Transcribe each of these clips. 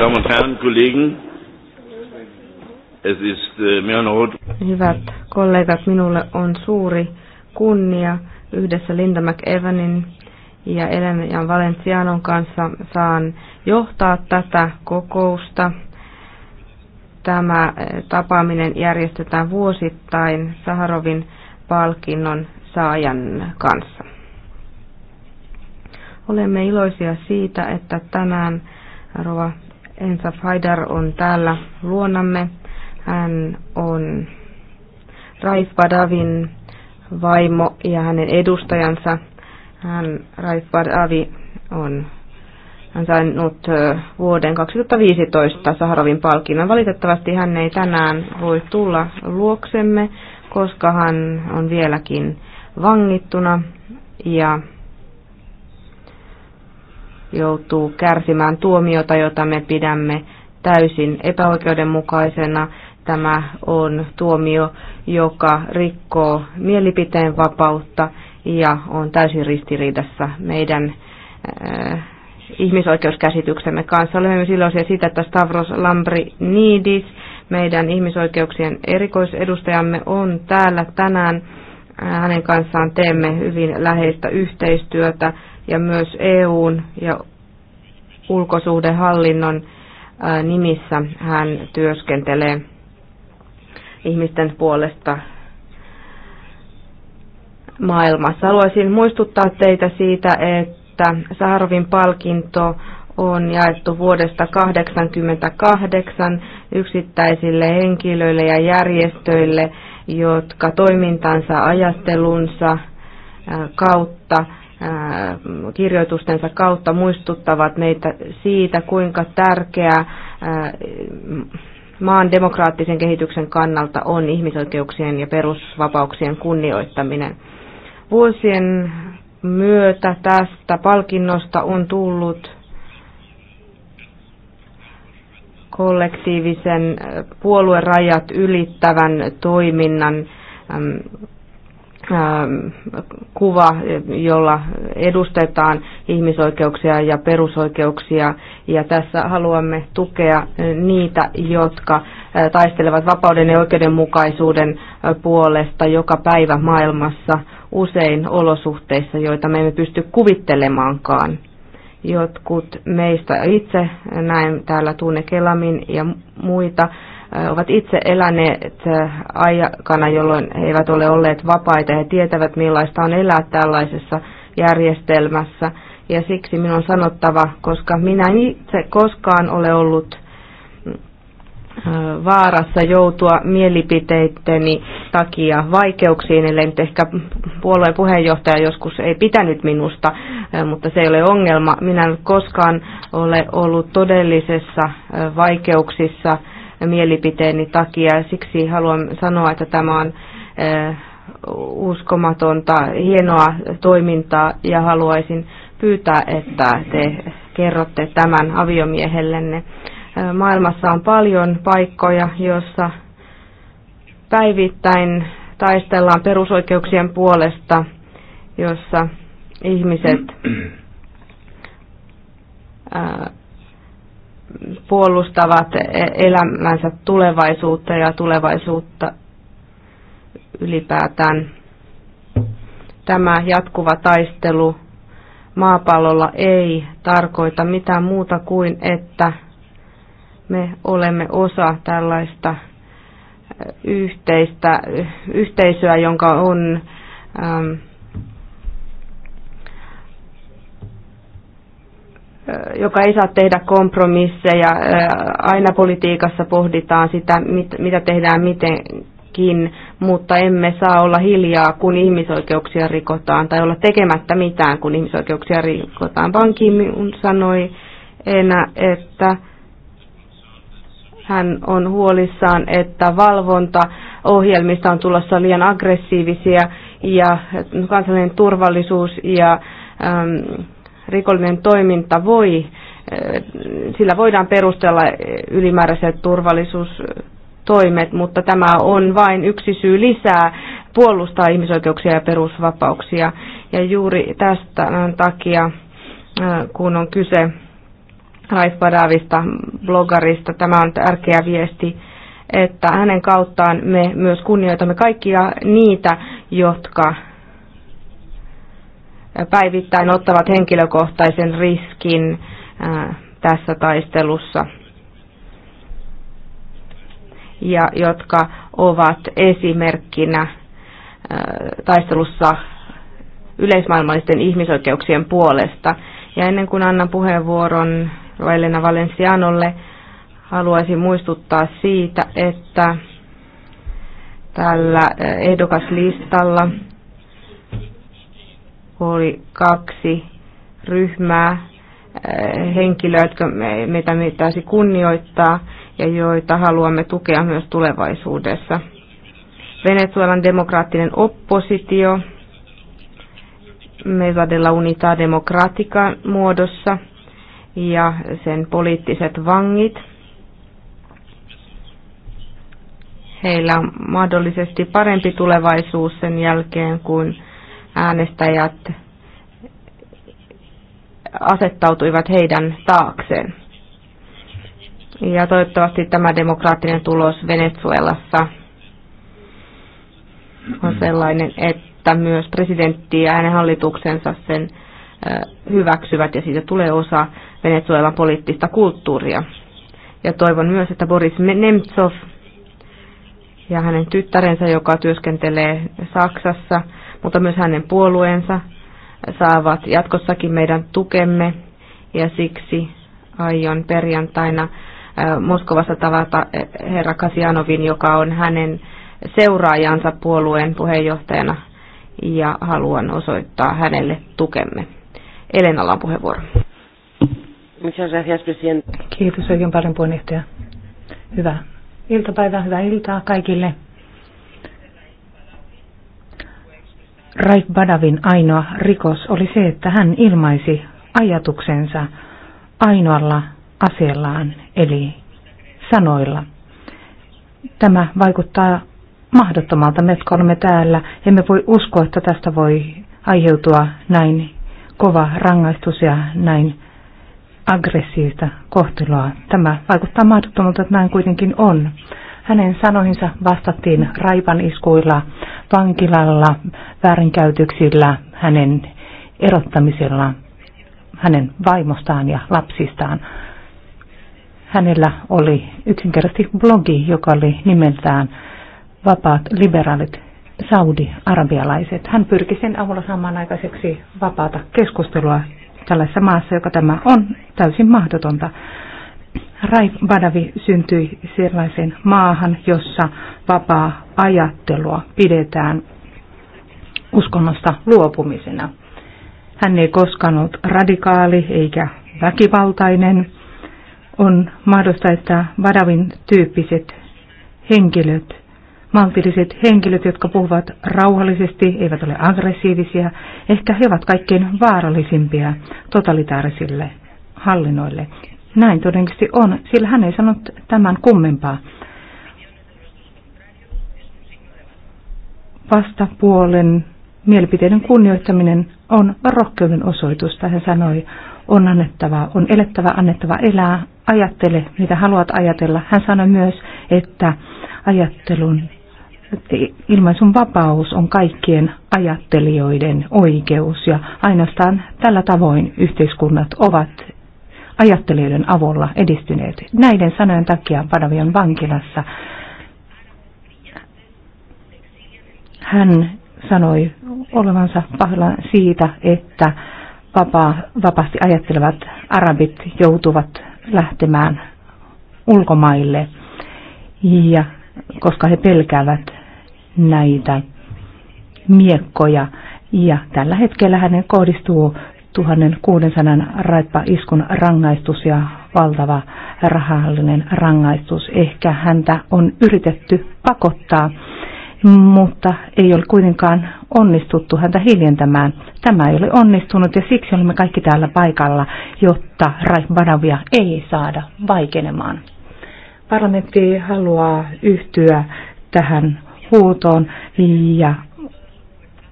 Damen und Herren, Kollegen, es ist äh, mir Hyvät kollegat, minulle on suuri kunnia yhdessä Linda McEvanin ja Elena Valencianon kanssa saan johtaa tätä kokousta. Tämä äh, tapaaminen järjestetään vuosittain Saharovin palkinnon saajan kanssa. Olemme iloisia siitä, että tänään Rova Ensa Faidar on täällä luonamme. Hän on Raif Badavin vaimo ja hänen edustajansa. Hän, Raif Badavi on hän saanut vuoden 2015 Saharovin palkinnon. Valitettavasti hän ei tänään voi tulla luoksemme, koska hän on vieläkin vangittuna ja joutuu kärsimään tuomiota, jota me pidämme täysin epäoikeudenmukaisena. Tämä on tuomio, joka rikkoo mielipiteen vapautta ja on täysin ristiriidassa meidän äh, ihmisoikeuskäsityksemme kanssa. Olemme myös iloisia siitä, että Stavros Lambri Niidis, meidän ihmisoikeuksien erikoisedustajamme, on täällä tänään. Äh, hänen kanssaan teemme hyvin läheistä yhteistyötä ja myös EUn ja ulkosuhdehallinnon nimissä hän työskentelee ihmisten puolesta maailmassa. Haluaisin muistuttaa teitä siitä, että Saharovin palkinto on jaettu vuodesta 1988 yksittäisille henkilöille ja järjestöille, jotka toimintansa ajattelunsa kautta – kirjoitustensa kautta muistuttavat meitä siitä, kuinka tärkeää maan demokraattisen kehityksen kannalta on ihmisoikeuksien ja perusvapauksien kunnioittaminen. Vuosien myötä tästä palkinnosta on tullut kollektiivisen puoluerajat ylittävän toiminnan Ähm, kuva, jolla edustetaan ihmisoikeuksia ja perusoikeuksia. Ja tässä haluamme tukea niitä, jotka äh, taistelevat vapauden ja oikeudenmukaisuuden äh, puolesta joka päivä maailmassa usein olosuhteissa, joita me emme pysty kuvittelemaankaan. Jotkut meistä itse, näin täällä Tuune Kelamin ja muita, ovat itse eläneet aikana, jolloin he eivät ole olleet vapaita. ja tietävät, millaista on elää tällaisessa järjestelmässä. Ja siksi minun on sanottava, koska minä en itse koskaan ole ollut vaarassa joutua mielipiteitteni takia vaikeuksiin, eli nyt ehkä puolueen puheenjohtaja joskus ei pitänyt minusta, mutta se ei ole ongelma. Minä en koskaan ole ollut todellisessa vaikeuksissa mielipiteeni takia. Siksi haluan sanoa, että tämä on eh, uskomatonta, hienoa toimintaa ja haluaisin pyytää, että te kerrotte tämän aviomiehellenne. Eh, maailmassa on paljon paikkoja, joissa päivittäin taistellaan perusoikeuksien puolesta, jossa ihmiset ää, eh, puolustavat e- elämänsä tulevaisuutta ja tulevaisuutta ylipäätään. Tämä jatkuva taistelu maapallolla ei tarkoita mitään muuta kuin, että me olemme osa tällaista e, yhteistä, e, yhteisöä, jonka on ähm, joka ei saa tehdä kompromisseja. Aina politiikassa pohditaan sitä, mitä tehdään mitenkin, mutta emme saa olla hiljaa, kun ihmisoikeuksia rikotaan, tai olla tekemättä mitään, kun ihmisoikeuksia rikotaan. Ban ki sanoi enää, että hän on huolissaan, että valvontaohjelmista on tulossa liian aggressiivisia ja kansallinen turvallisuus ja ähm, rikollinen toiminta voi, eh, sillä voidaan perustella eh, ylimääräiset turvallisuustoimet, mutta tämä on vain yksi syy lisää puolustaa ihmisoikeuksia ja perusvapauksia. Ja juuri tästä takia, eh, kun on kyse Raif Badavista, bloggarista, tämä on tärkeä viesti, että hänen kauttaan me myös kunnioitamme kaikkia niitä, jotka päivittäin ottavat henkilökohtaisen riskin tässä taistelussa ja jotka ovat esimerkkinä taistelussa yleismaailmallisten ihmisoikeuksien puolesta. Ja ennen kuin annan puheenvuoron Elena Valencianolle, haluaisin muistuttaa siitä, että tällä ehdokaslistalla oli kaksi ryhmää eh, henkilöä, jotka meitä pitäisi kunnioittaa ja joita haluamme tukea myös tulevaisuudessa. Venezuelan demokraattinen oppositio Mesa de la Unita Democratica muodossa ja sen poliittiset vangit. Heillä on mahdollisesti parempi tulevaisuus sen jälkeen, kun äänestäjät asettautuivat heidän taakseen. Ja toivottavasti tämä demokraattinen tulos Venezuelassa on sellainen, että myös presidentti ja hänen hallituksensa sen hyväksyvät ja siitä tulee osa Venezuelan poliittista kulttuuria. Ja toivon myös, että Boris Nemtsov ja hänen tyttärensä, joka työskentelee Saksassa, mutta myös hänen puolueensa saavat jatkossakin meidän tukemme ja siksi aion perjantaina äh, Moskovassa tavata äh, herra Kasianovin, joka on hänen seuraajansa puolueen puheenjohtajana ja haluan osoittaa hänelle tukemme. Elenalla on puheenvuoro. Kiitos oikein paljon puheenjohtaja. Hyvää iltapäivää, hyvää iltaa kaikille. Raif Badavin ainoa rikos oli se, että hän ilmaisi ajatuksensa ainoalla aseellaan, eli sanoilla. Tämä vaikuttaa mahdottomalta. Me, olemme täällä, emme voi uskoa, että tästä voi aiheutua näin kova rangaistus ja näin aggressiivista kohtelua. Tämä vaikuttaa mahdottomalta, että näin kuitenkin on. Hänen sanoihinsa vastattiin raipan iskuilla, vankilalla, väärinkäytöksillä, hänen erottamisella, hänen vaimostaan ja lapsistaan. Hänellä oli yksinkertaisesti blogi, joka oli nimeltään Vapaat liberaalit saudi-arabialaiset. Hän pyrki sen avulla saamaan aikaiseksi vapaata keskustelua tällaisessa maassa, joka tämä on täysin mahdotonta. Raif Badavi syntyi sellaisen maahan, jossa vapaa ajattelua pidetään uskonnosta luopumisena. Hän ei koskaan ollut radikaali eikä väkivaltainen. On mahdollista, että Badavin tyyppiset henkilöt, maltilliset henkilöt, jotka puhuvat rauhallisesti, eivät ole aggressiivisia, ehkä he ovat kaikkein vaarallisimpia totalitaarisille hallinnoille. Näin todennäköisesti on, sillä hän ei sanonut tämän kummempaa. Vastapuolen mielipiteiden kunnioittaminen on rohkeuden osoitus, tai hän sanoi, on annettava, on elettävä, annettava elää, ajattele, mitä haluat ajatella. Hän sanoi myös, että ajattelun ilmaisun vapaus on kaikkien ajattelijoiden oikeus ja ainoastaan tällä tavoin yhteiskunnat ovat ajattelijoiden avulla edistyneet. Näiden sanojen takia Panavion vankilassa hän sanoi olevansa pahla siitä, että vapaa, vapaasti ajattelevat arabit joutuvat lähtemään ulkomaille, ja, koska he pelkäävät näitä miekkoja. Ja tällä hetkellä hänen kohdistuu 1600 raippa-iskun rangaistus ja valtava rahallinen rangaistus. Ehkä häntä on yritetty pakottaa, mutta ei ole kuitenkaan onnistuttu häntä hiljentämään. Tämä ei ole onnistunut ja siksi olemme kaikki täällä paikalla, jotta Raif-Badavia ei saada vaikenemaan. Parlamentti haluaa yhtyä tähän huutoon ja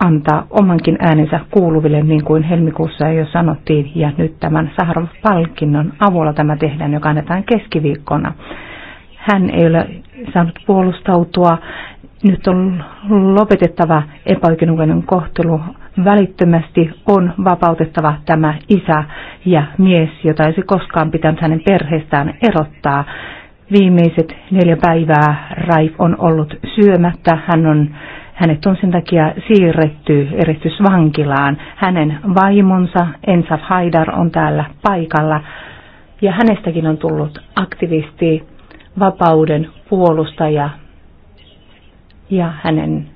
antaa omankin äänensä kuuluville, niin kuin helmikuussa jo sanottiin, ja nyt tämän Saharov-palkinnon avulla tämä tehdään, joka annetaan keskiviikkona. Hän ei ole saanut puolustautua. Nyt on lopetettava epäoikeudenmukainen kohtelu. Välittömästi on vapautettava tämä isä ja mies, jota ei se koskaan pitänyt hänen perheestään erottaa. Viimeiset neljä päivää Raif on ollut syömättä. Hän on hänet on sen takia siirretty eristysvankilaan. Hänen vaimonsa Ensaf Haidar on täällä paikalla ja hänestäkin on tullut aktivisti, vapauden puolustaja ja hänen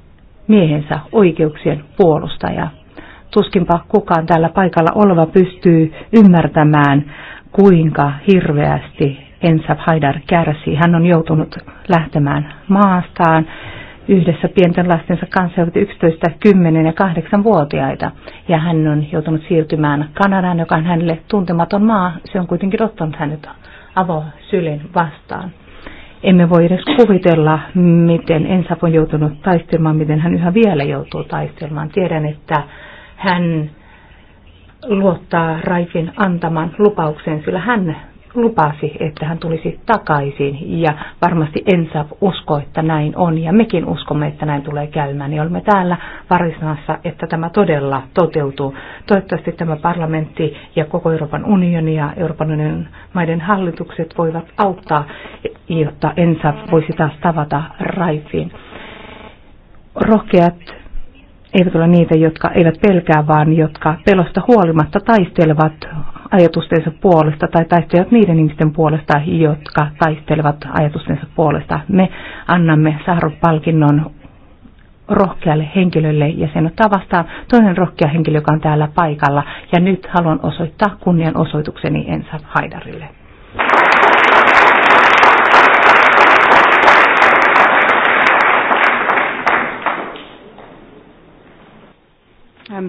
miehensä oikeuksien puolustaja. Tuskinpa kukaan täällä paikalla oleva pystyy ymmärtämään, kuinka hirveästi Ensaf Haidar kärsii. Hän on joutunut lähtemään maastaan yhdessä pienten lastensa kanssa, ovat 11, 10 ja 8-vuotiaita. Ja hän on joutunut siirtymään Kanadaan, joka on hänelle tuntematon maa. Se on kuitenkin ottanut hänet avosylin vastaan. Emme voi edes kuvitella, miten Ensaf on joutunut taistelemaan, miten hän yhä vielä joutuu taistelemaan. Tiedän, että hän luottaa Raifin antaman lupauksen, sillä hän lupasi, että hän tulisi takaisin ja varmasti Ensa usko, että näin on ja mekin uskomme, että näin tulee käymään. Niin olemme täällä varisnassa, että tämä todella toteutuu. Toivottavasti tämä parlamentti ja koko Euroopan unioni ja Euroopan unionin maiden hallitukset voivat auttaa, jotta Ensa voisi taas tavata Raifiin. Rohkeat eivät ole niitä, jotka eivät pelkää, vaan jotka pelosta huolimatta taistelevat ajatustensa puolesta tai taistelevat niiden ihmisten puolesta, jotka taistelevat ajatustensa puolesta. Me annamme Saharov-palkinnon rohkealle henkilölle ja sen ottaa vastaan toinen rohkea henkilö, joka on täällä paikalla. Ja nyt haluan osoittaa kunnianosoitukseni Ensa Haidarille.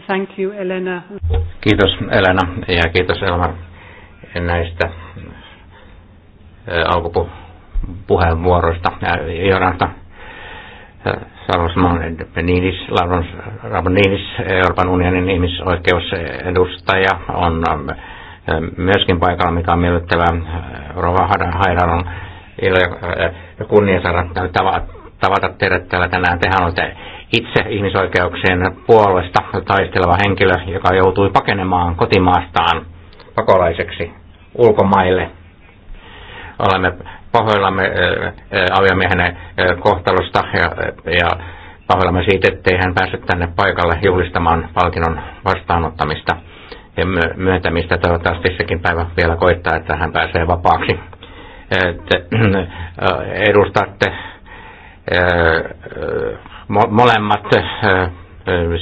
thank you, Elena. Kiitos Elena ja kiitos Elmar näistä alkupuheenvuoroista ja Joranta. Sarvas Niinis, Lavrons Niinis, Euroopan unionin ihmisoikeusedustaja, on myöskin paikalla, mikä on miellyttävää. Rova Haidan on ilo ja kunnia saada tavata teidät täällä tänään. Tehän olette itse ihmisoikeuksien puolesta taisteleva henkilö, joka joutui pakenemaan kotimaastaan pakolaiseksi ulkomaille. Olemme pahoillamme aviomiehen kohtalosta ja, ja pahoillamme siitä, ettei hän päässyt tänne paikalle juhlistamaan palkinnon vastaanottamista ja myöntämistä. Toivottavasti sekin päivä vielä koittaa, että hän pääsee vapaaksi. Te edustatte molemmat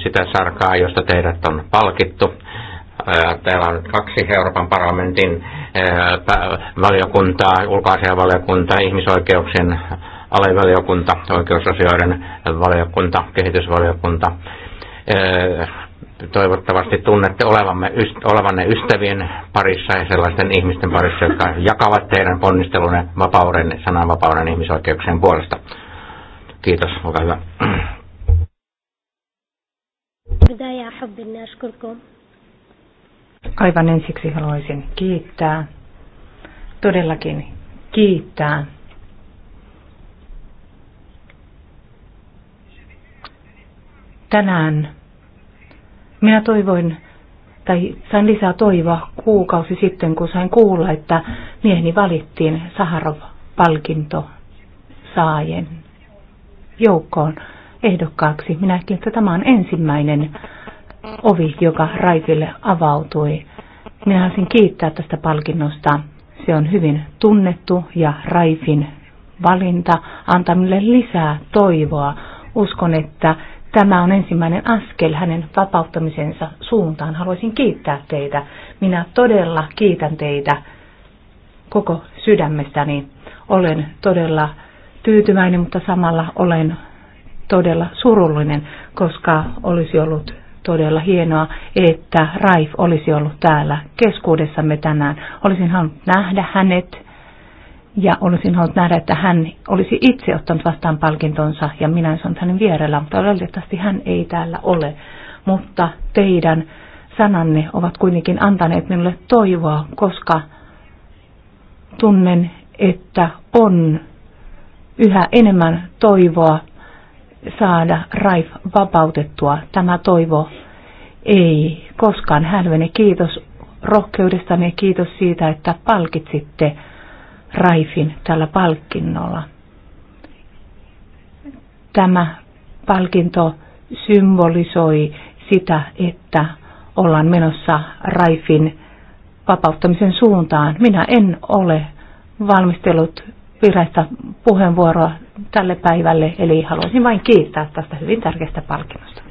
sitä sarkaa, josta teidät on palkittu. Täällä on kaksi Euroopan parlamentin valiokuntaa, ulkoasianvaliokunta, ihmisoikeuksien alevaliokunta, oikeusasioiden valiokunta, kehitysvaliokunta. Toivottavasti tunnette olevamme, olevanne ystävien parissa ja sellaisten ihmisten parissa, jotka jakavat teidän ponnistelunne vapauden, sananvapauden ihmisoikeuksien puolesta. Kiitos, olkaa hyvä. Aivan ensiksi haluaisin kiittää, todellakin kiittää tänään. Minä toivoin, tai sain lisää toivoa kuukausi sitten, kun sain kuulla, että mieheni valittiin Saharov-palkinto saajen joukkoon ehdokkaaksi. Minä ajattelin, että tämä on ensimmäinen ovi, joka Raikille avautui. Minä haluaisin kiittää tästä palkinnosta. Se on hyvin tunnettu ja Raifin valinta antaa minulle lisää toivoa. Uskon, että tämä on ensimmäinen askel hänen vapauttamisensa suuntaan. Haluaisin kiittää teitä. Minä todella kiitän teitä koko sydämestäni. Olen todella tyytyväinen, mutta samalla olen todella surullinen, koska olisi ollut todella hienoa, että Raif olisi ollut täällä keskuudessamme tänään. Olisin halunnut nähdä hänet ja olisin halunnut nähdä, että hän olisi itse ottanut vastaan palkintonsa ja minä olisin ollut hänen vierellä, mutta valitettavasti hän ei täällä ole. Mutta teidän sananne ovat kuitenkin antaneet minulle toivoa, koska tunnen, että on yhä enemmän toivoa saada Raif vapautettua. Tämä toivo ei koskaan hälvene. Kiitos rohkeudestani ja kiitos siitä, että palkitsitte Raifin tällä palkinnolla. Tämä palkinto symbolisoi sitä, että ollaan menossa Raifin vapauttamisen suuntaan. Minä en ole valmistellut virallista puheenvuoroa tälle päivälle, eli haluaisin vain kiittää tästä hyvin tärkeästä palkinnosta.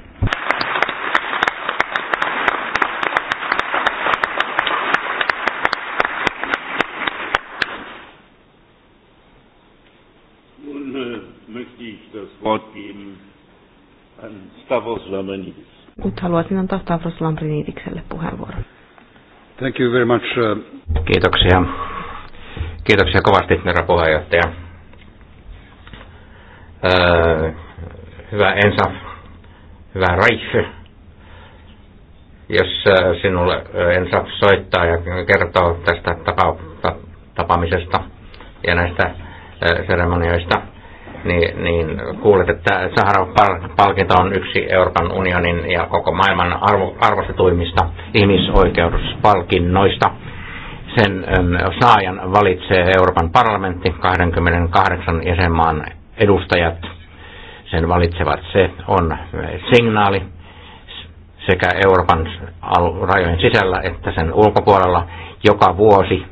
Nyt äh, haluaisin antaa Stavros Lambrinidikselle puheenvuoron. Thank you very much. Äh, Kiitoksia Kiitoksia kovasti, herra puheenjohtaja. Öö, hyvä Ensa, hyvä Raif, jos sinulle Ensa soittaa ja kertoo tästä tapa, ta, tapaamisesta ja näistä seremonioista, niin, niin kuulet, että sahara palkinto on yksi Euroopan unionin ja koko maailman arvo, arvostetuimmista ihmisoikeuspalkinnoista sen ähm, saajan valitsee Euroopan parlamentti, 28 jäsenmaan edustajat sen valitsevat. Se on äh, signaali sekä Euroopan rajojen sisällä että sen ulkopuolella joka vuosi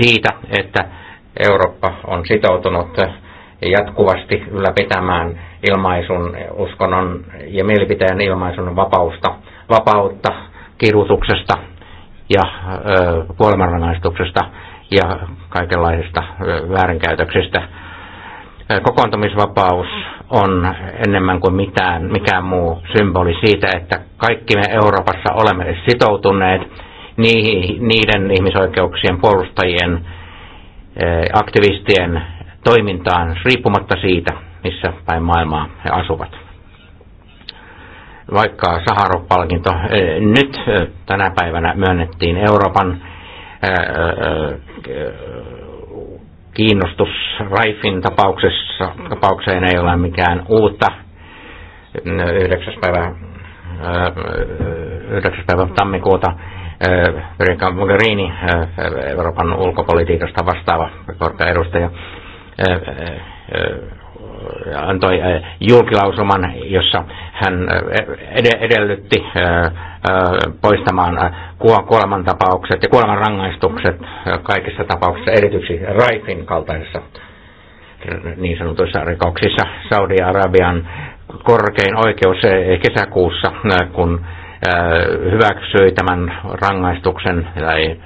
siitä, että Eurooppa on sitoutunut äh, jatkuvasti ylläpitämään ilmaisun, uskonnon ja mielipiteen ilmaisun vapausta, vapautta, kirjutuksesta ja kuolemanrangaistuksesta ja kaikenlaisesta väärinkäytöksestä. Kokoontumisvapaus on enemmän kuin mitään, mikään muu symboli siitä, että kaikki me Euroopassa olemme sitoutuneet niihin niiden ihmisoikeuksien puolustajien, aktivistien toimintaan riippumatta siitä, missä päin maailmaa he asuvat vaikka Saharov-palkinto eh, nyt eh, tänä päivänä myönnettiin Euroopan eh, kiinnostus Raifin tapauksessa, tapaukseen ei ole mikään uutta. 9. päivä, 9. päivä tammikuuta Federica Mogherini, Euroopan ulkopolitiikasta vastaava korkea edustaja, antoi äh, julkilausuman, jossa hän äh, edellytti äh, poistamaan kuolemantapaukset ja kuolemanrangaistukset kaikissa tapauksissa, erityisesti Raifin kaltaisissa niin sanotuissa rikoksissa Saudi-Arabian korkein oikeus kesäkuussa, kun hyväksyi tämän rangaistuksen tai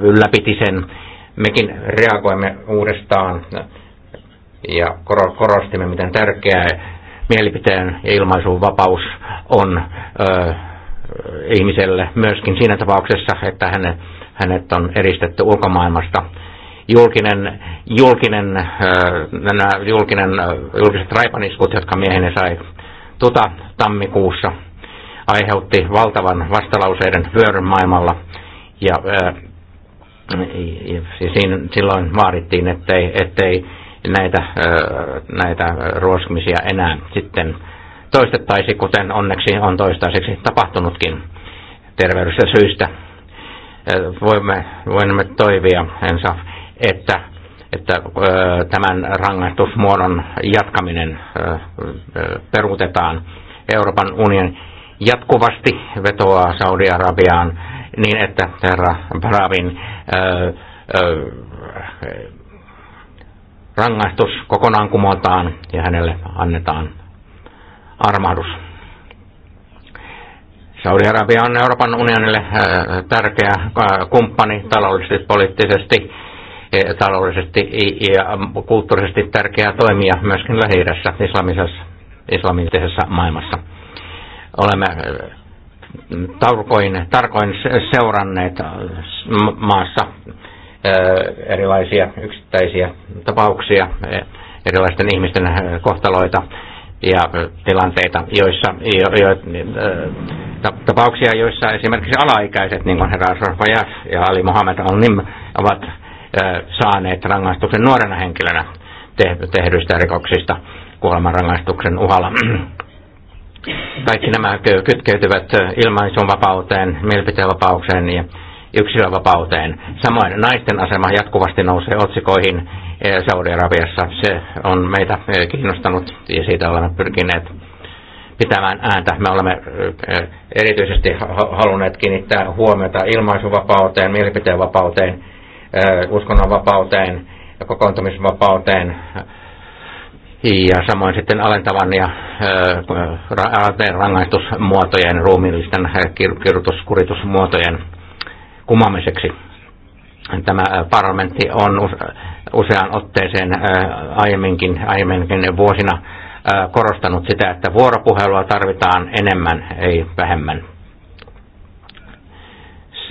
ylläpiti sen. Mekin reagoimme uudestaan ja korostimme, miten tärkeää mielipiteen ja ilmaisun vapaus on ö, ihmiselle myöskin siinä tapauksessa, että hänet, hänet on eristetty ulkomaailmasta. Julkinen, julkinen, ö, nämä julkinen, julkiset raipaniskut, jotka mieheni sai tuta tammikuussa, aiheutti valtavan vastalauseiden vyöryn maailmalla. Ja, ö, ja siis siinä, silloin vaadittiin, ettei, ettei näitä, näitä ruoskimisia enää sitten toistettaisi, kuten onneksi on toistaiseksi tapahtunutkin terveydestä syistä. Voimme, voimme toivia, ensa, että, että tämän rangaistusmuodon jatkaminen peruutetaan. Euroopan unionin jatkuvasti vetoaa Saudi-Arabiaan niin, että herra Baravin rangaistus kokonaan kumotaan ja hänelle annetaan armahdus. Saudi-Arabia on Euroopan unionille äh, tärkeä äh, kumppani taloudellisesti, poliittisesti, e, taloudellisesti ja kulttuurisesti tärkeä toimija myöskin lähi islamisessa, maailmassa. Olemme äh, tarkoin, tarkoin seuranneet maassa erilaisia yksittäisiä tapauksia, erilaisten ihmisten kohtaloita ja tilanteita, joissa, jo, jo, tapauksia, joissa esimerkiksi alaikäiset, niin kuin herra Sorfajas ja Ali Mohamed Al-Nim, ovat saaneet rangaistuksen nuorena henkilönä tehdyistä rikoksista kuolemanrangaistuksen uhalla. Kaikki nämä kytkeytyvät mielipiteen mielipiteenvapaukseen ja yksilövapauteen. Samoin naisten asema jatkuvasti nousee otsikoihin eh, Saudi-Arabiassa. Se on meitä eh, kiinnostanut ja siitä olemme pyrkineet pitämään ääntä. Me olemme eh, erityisesti halunneet kiinnittää huomiota ilmaisuvapauteen, mielipiteenvapauteen, uskonnonvapauteen ja kokoontumisvapauteen ja samoin sitten alentavan ja rangaistusmuotojen, ruumiillisten kirjoituskuritusmuotojen kumamiseksi. Tämä parlamentti on useaan otteeseen aiemminkin, aiemminkin vuosina korostanut sitä, että vuoropuhelua tarvitaan enemmän, ei vähemmän.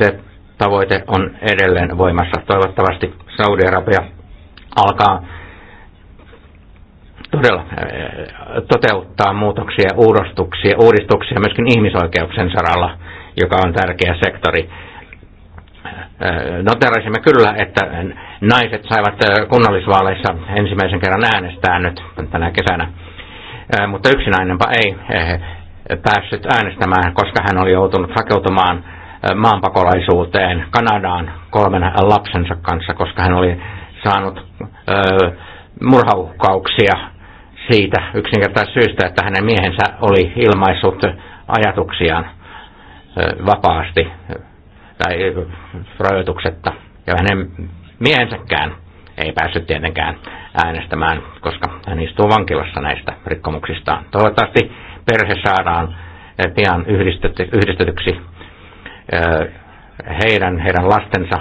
Se tavoite on edelleen voimassa. Toivottavasti Saudi-Arabia alkaa todella toteuttaa muutoksia, uudistuksia, uudistuksia myöskin ihmisoikeuksien saralla, joka on tärkeä sektori. Äh, noterasimme kyllä, että naiset saivat äh, kunnallisvaaleissa ensimmäisen kerran äänestää nyt tänä kesänä. Äh, mutta yksi nainenpa ei päässyt äänestämään, koska hän oli joutunut hakeutumaan maanpakolaisuuteen Kanadaan kolmen lapsensa kanssa, koska hän oli saanut murhaukkauksia siitä yksinkertaisesta syystä, että hänen miehensä oli ilmaissut ajatuksiaan vapaasti tai rajoituksetta. Ja hänen miehensäkään ei päässyt tietenkään äänestämään, koska hän istuu vankilassa näistä rikkomuksista. Toivottavasti perhe saadaan eh, pian yhdistetyksi eh, heidän, heidän lastensa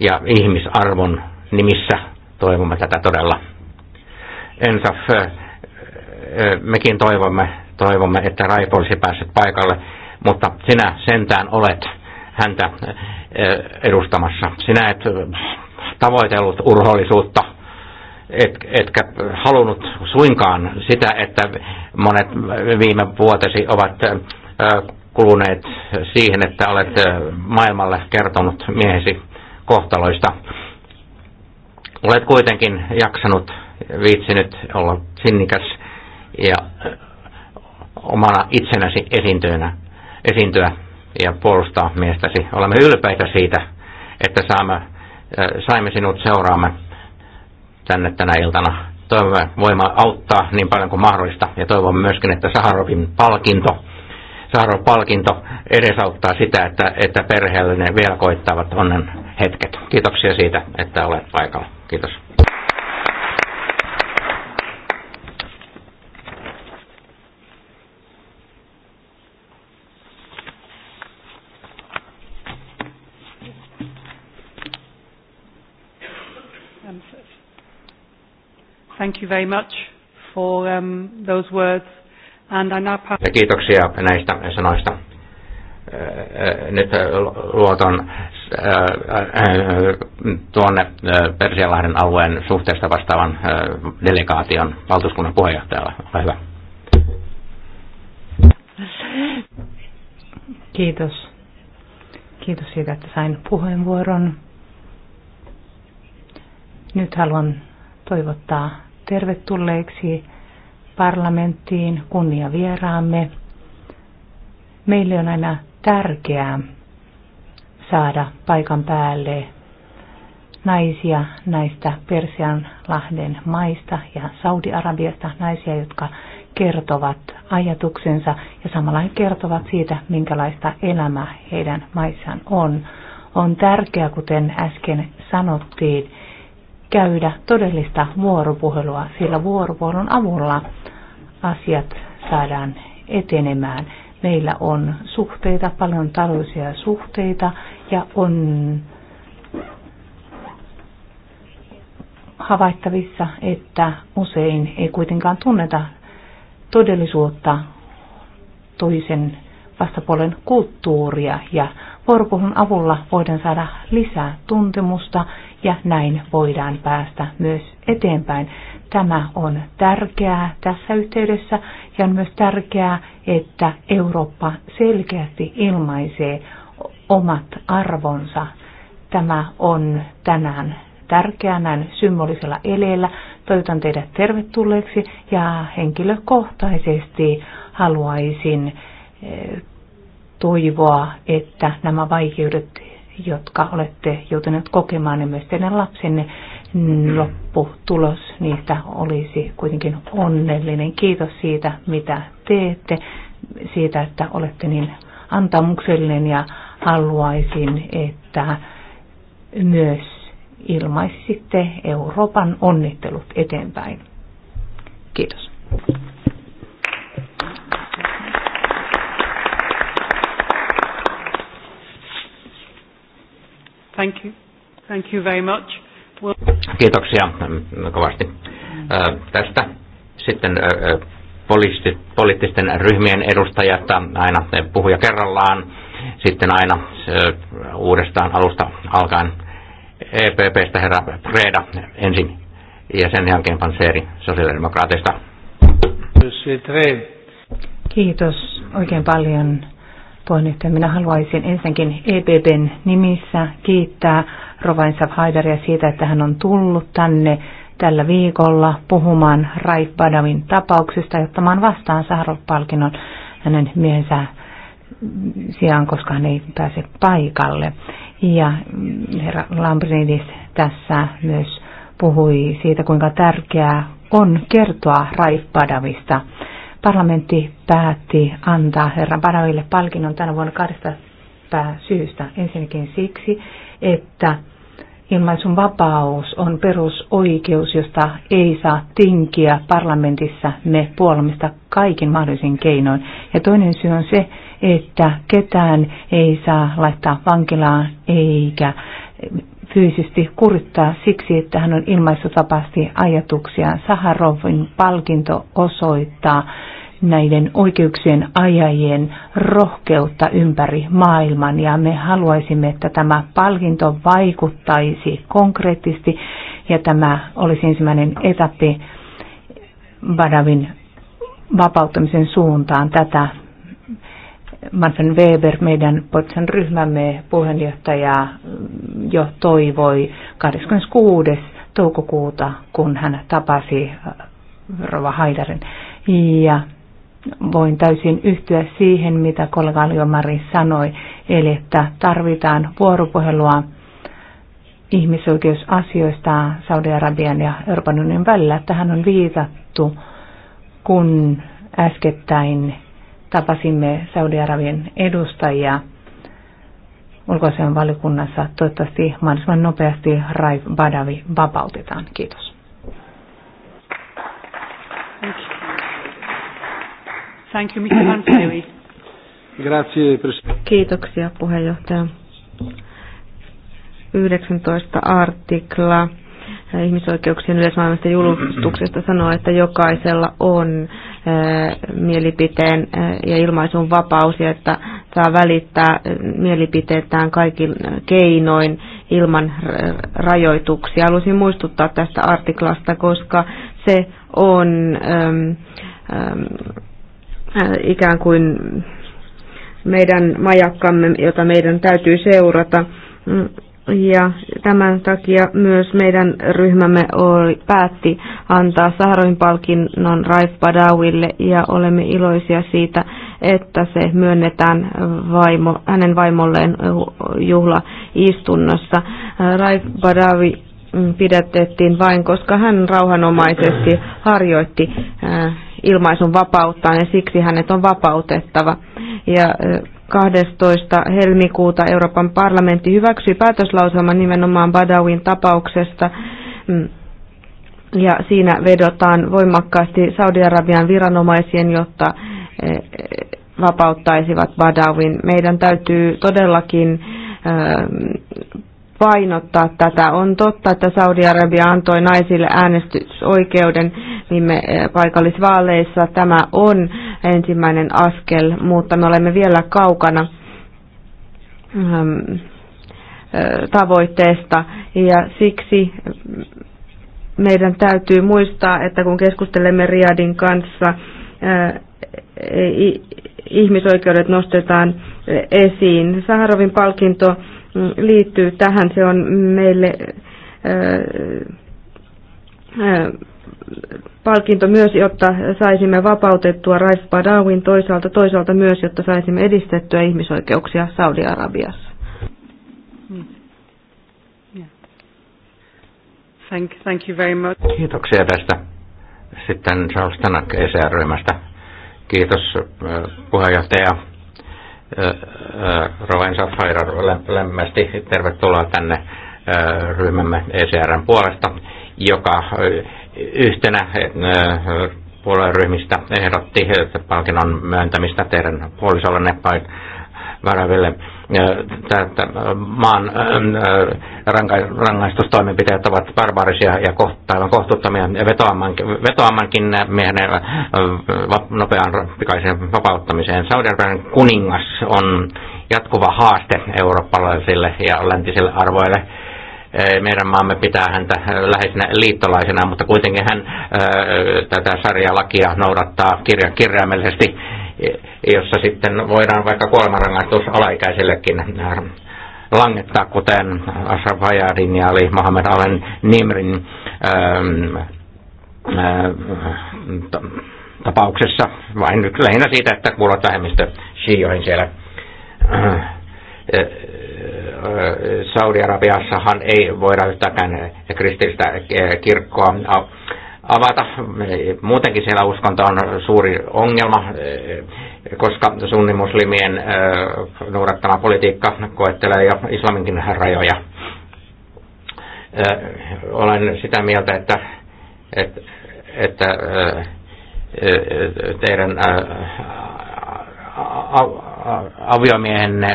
ja ihmisarvon nimissä. Toivomme tätä todella. Ensaf, eh, mekin toivomme, toivomme että Raipo olisi päässyt paikalle, mutta sinä sentään olet häntä eh, edustamassa. Sinä et eh, tavoitellut urhollisuutta, et, etkä halunnut suinkaan sitä, että monet viime vuotesi ovat eh, kuluneet siihen, että olet maailmalle kertonut miehesi kohtaloista. Olet kuitenkin jaksanut, viitsinyt olla sinnikäs ja omana itsenäsi esiintyä ja puolustaa miestäsi. Olemme ylpeitä siitä, että saamme, äh, saimme sinut seuraamme tänne tänä iltana. Toivomme voimaa auttaa niin paljon kuin mahdollista ja toivomme myöskin, että Saharovin palkinto, Saharov palkinto edesauttaa sitä, että, että perheellinen vielä koittavat onnen hetket. Kiitoksia siitä, että olet paikalla. Kiitos. Thank you very much for um, those words. And I now pass... Kiitoksia näistä sanoista. Nyt luotan tuonne Persianlahden alueen suhteesta vastaavan delegaation valtuuskunnan puheenjohtajalla. Ole hyvä. Kiitos. Kiitos siitä, että sain puheenvuoron. Nyt haluan toivottaa tervetulleeksi parlamenttiin kunniavieraamme. Meille on aina tärkeää saada paikan päälle naisia näistä Persianlahden maista ja Saudi-Arabiasta, naisia, jotka kertovat ajatuksensa ja samalla he kertovat siitä, minkälaista elämä heidän maissaan on. On tärkeää, kuten äsken sanottiin, käydä todellista vuoropuhelua, sillä vuoropuhelun avulla asiat saadaan etenemään. Meillä on suhteita, paljon taloudellisia suhteita ja on havaittavissa, että usein ei kuitenkaan tunneta todellisuutta toisen vastapuolen kulttuuria ja vuoropuhelun avulla voidaan saada lisää tuntemusta ja näin voidaan päästä myös eteenpäin. Tämä on tärkeää tässä yhteydessä ja on myös tärkeää, että Eurooppa selkeästi ilmaisee omat arvonsa. Tämä on tänään tärkeää näin symbolisella eleellä. Toivotan teidät tervetulleeksi ja henkilökohtaisesti haluaisin eh, toivoa, että nämä vaikeudet jotka olette joutuneet kokemaan ja myös teidän lapsenne lopputulos niistä olisi kuitenkin onnellinen. Kiitos siitä, mitä teette, siitä, että olette niin antamuksellinen ja haluaisin, että myös ilmaisitte Euroopan onnittelut eteenpäin. Kiitos. Thank you. Thank you very much. Well... Kiitoksia mm, kovasti tästä. Sitten poliisti, poliittisten ryhmien edustajat aina puhuja kerrallaan, sitten aina uudestaan alusta alkaen EPPstä herra Preda ensin ja sen jälkeen panseeri sosiaalidemokraateista. Kiitos oikein paljon puheenjohtaja. Minä haluaisin ensinnäkin EPPn nimissä kiittää Rovain Haidaria siitä, että hän on tullut tänne tällä viikolla puhumaan Raif Badawin tapauksesta jotta ottamaan vastaan Saharov-palkinnon hänen miehensä sijaan, koska hän ei pääse paikalle. Ja herra Lambrinidis tässä myös puhui siitä, kuinka tärkeää on kertoa Raif Badavista parlamentti päätti antaa herran Baroille palkinnon tänä vuonna kahdesta pääsyystä. Ensinnäkin siksi, että ilmaisun vapaus on perusoikeus, josta ei saa tinkiä parlamentissa me puolumista kaikin mahdollisin keinoin. Ja toinen syy on se, että ketään ei saa laittaa vankilaan eikä fyysisesti kurittaa siksi, että hän on ilmaissut vapaasti ajatuksiaan. Saharovin palkinto osoittaa näiden oikeuksien ajajien rohkeutta ympäri maailman ja me haluaisimme, että tämä palkinto vaikuttaisi konkreettisesti ja tämä olisi ensimmäinen etappi Badavin vapauttamisen suuntaan. Tätä Marfen Weber, meidän Potsan ryhmämme puheenjohtaja, jo toivoi 26. toukokuuta, kun hän tapasi äh, Rova Haidaren. Ja voin täysin yhtyä siihen, mitä kollega mari sanoi, eli että tarvitaan vuoropuhelua ihmisoikeusasioista Saudi-Arabian ja Euroopan unionin välillä. Tähän on viitattu, kun äskettäin tapasimme Saudi-Arabian edustajia ulkoisen valikunnassa Toivottavasti mahdollisimman nopeasti Raif Badavi vapautetaan. Kiitos. Thank you, Mr. Grazie, Kiitoksia puheenjohtaja. 19 artikla ihmisoikeuksien yleismaailmasta julkistuksesta sanoo, että jokaisella on eh, mielipiteen eh, ja ilmaisun vapaus ja että saa välittää eh, mielipiteetään kaikin keinoin ilman rajoituksia. Haluaisin muistuttaa tästä artiklasta, koska se on äm, ehm, äm, ehm, ikään kuin meidän majakkamme, jota meidän täytyy seurata mm. Ja tämän takia myös meidän ryhmämme oli, päätti antaa Saharoin palkinnon Raif Badawille ja olemme iloisia siitä, että se myönnetään vaimo, hänen vaimolleen juhlaistunnossa. Raif Badawi pidätettiin vain, koska hän rauhanomaisesti harjoitti äh, ilmaisun vapauttaan ja siksi hänet on vapautettava. Ja äh, 12. helmikuuta Euroopan parlamentti hyväksyi päätöslauselman nimenomaan Badawin tapauksesta mm. ja siinä vedotaan voimakkaasti Saudi-Arabian viranomaisien, jotta eh, vapauttaisivat Badawin. Meidän täytyy todellakin eh, painottaa tätä. On totta, että Saudi-Arabia antoi naisille äänestysoikeuden viime eh, paikallisvaaleissa. Tämä on ensimmäinen askel, mutta me olemme vielä kaukana ähm, eh, tavoitteesta ja siksi meidän täytyy muistaa, että kun keskustelemme Riadin kanssa, eh, ihmisoikeudet nostetaan esiin. Saharovin palkinto liittyy tähän. Se on meille palkinto myös, jotta saisimme vapautettua Raif Badawin toisaalta, toisaalta myös, jotta saisimme edistettyä ihmisoikeuksia Saudi-Arabiassa. Thank, thank you very much. Kiitoksia tästä. Sitten Charles Tanak esr ryhmästä Kiitos puheenjohtaja Roven Safaira lämmästi tervetuloa tänne ryhmämme ECRn puolesta, joka yhtenä puolueryhmistä ehdotti palkinnon myöntämistä teidän puolisollenne varaville maan rangaistustoimenpiteet ovat barbaarisia ja kohtaan kohtuuttomia ja vetoamankin, miehen nopeaan pikaiseen vapauttamiseen. Saudi-Arabian kuningas on jatkuva haaste eurooppalaisille ja läntisille arvoille meidän maamme pitää häntä läheisenä liittolaisena, mutta kuitenkin hän tätä sarjalakia noudattaa kirja, kirjaimellisesti jossa sitten voidaan vaikka kuolemanrangaistus alaikäisellekin äh, langettaa, kuten Ashraf Hayadin ja Ali Mohammed Alen Nimrin ähm, äh, tapauksessa, vain nyt lähinnä siitä, että kuulot vähemmistö shioihin siellä. Äh, Saudi-Arabiassahan ei voida yhtäkään kristillistä kirkkoa avata. Muutenkin siellä uskonto on suuri ongelma, eh, koska sunnimuslimien eh, noudattama politiikka koettelee jo islaminkin rajoja. Eh, olen sitä mieltä, että, että, että teidän aviomiehen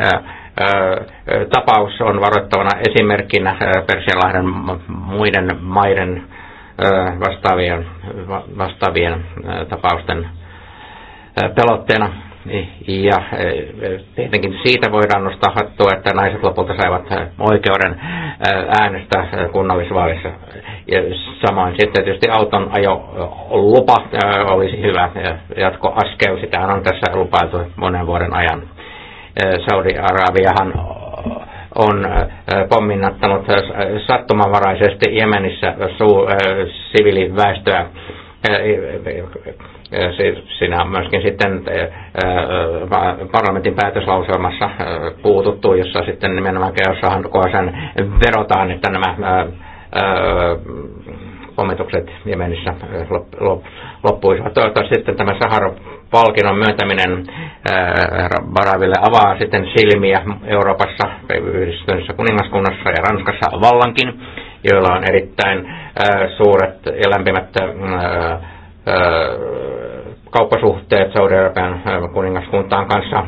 tapaus on varoittavana esimerkkinä Persianlahden muiden maiden vastaavien, vastaavien tapausten pelotteena. Ja tietenkin siitä voidaan nostaa hattua, että naiset lopulta saivat oikeuden äänestää kunnallisvaalissa. Ja samoin sitten tietysti auton ajo lupa olisi hyvä jatkoaskel, sitä on tässä lupailtu monen vuoden ajan. Saudi-Arabiahan on äh, pomminnattanut äh, sattumanvaraisesti Jemenissä suu, äh, siviiliväestöä siinä on myöskin sitten parlamentin päätöslauselmassa puututtu, jossa sitten nimenomaan jossahan verotaan, että nämä pommitukset Jemenissä loppuisivat. Toivottavasti sitten tämä saharo palkinnon myöntäminen Baraville avaa sitten silmiä Euroopassa, Yhdistyneessä kuningaskunnassa ja Ranskassa vallankin, joilla on erittäin suuret ja lämpimät kauppasuhteet Saudi-Arabian kuningaskuntaan kanssa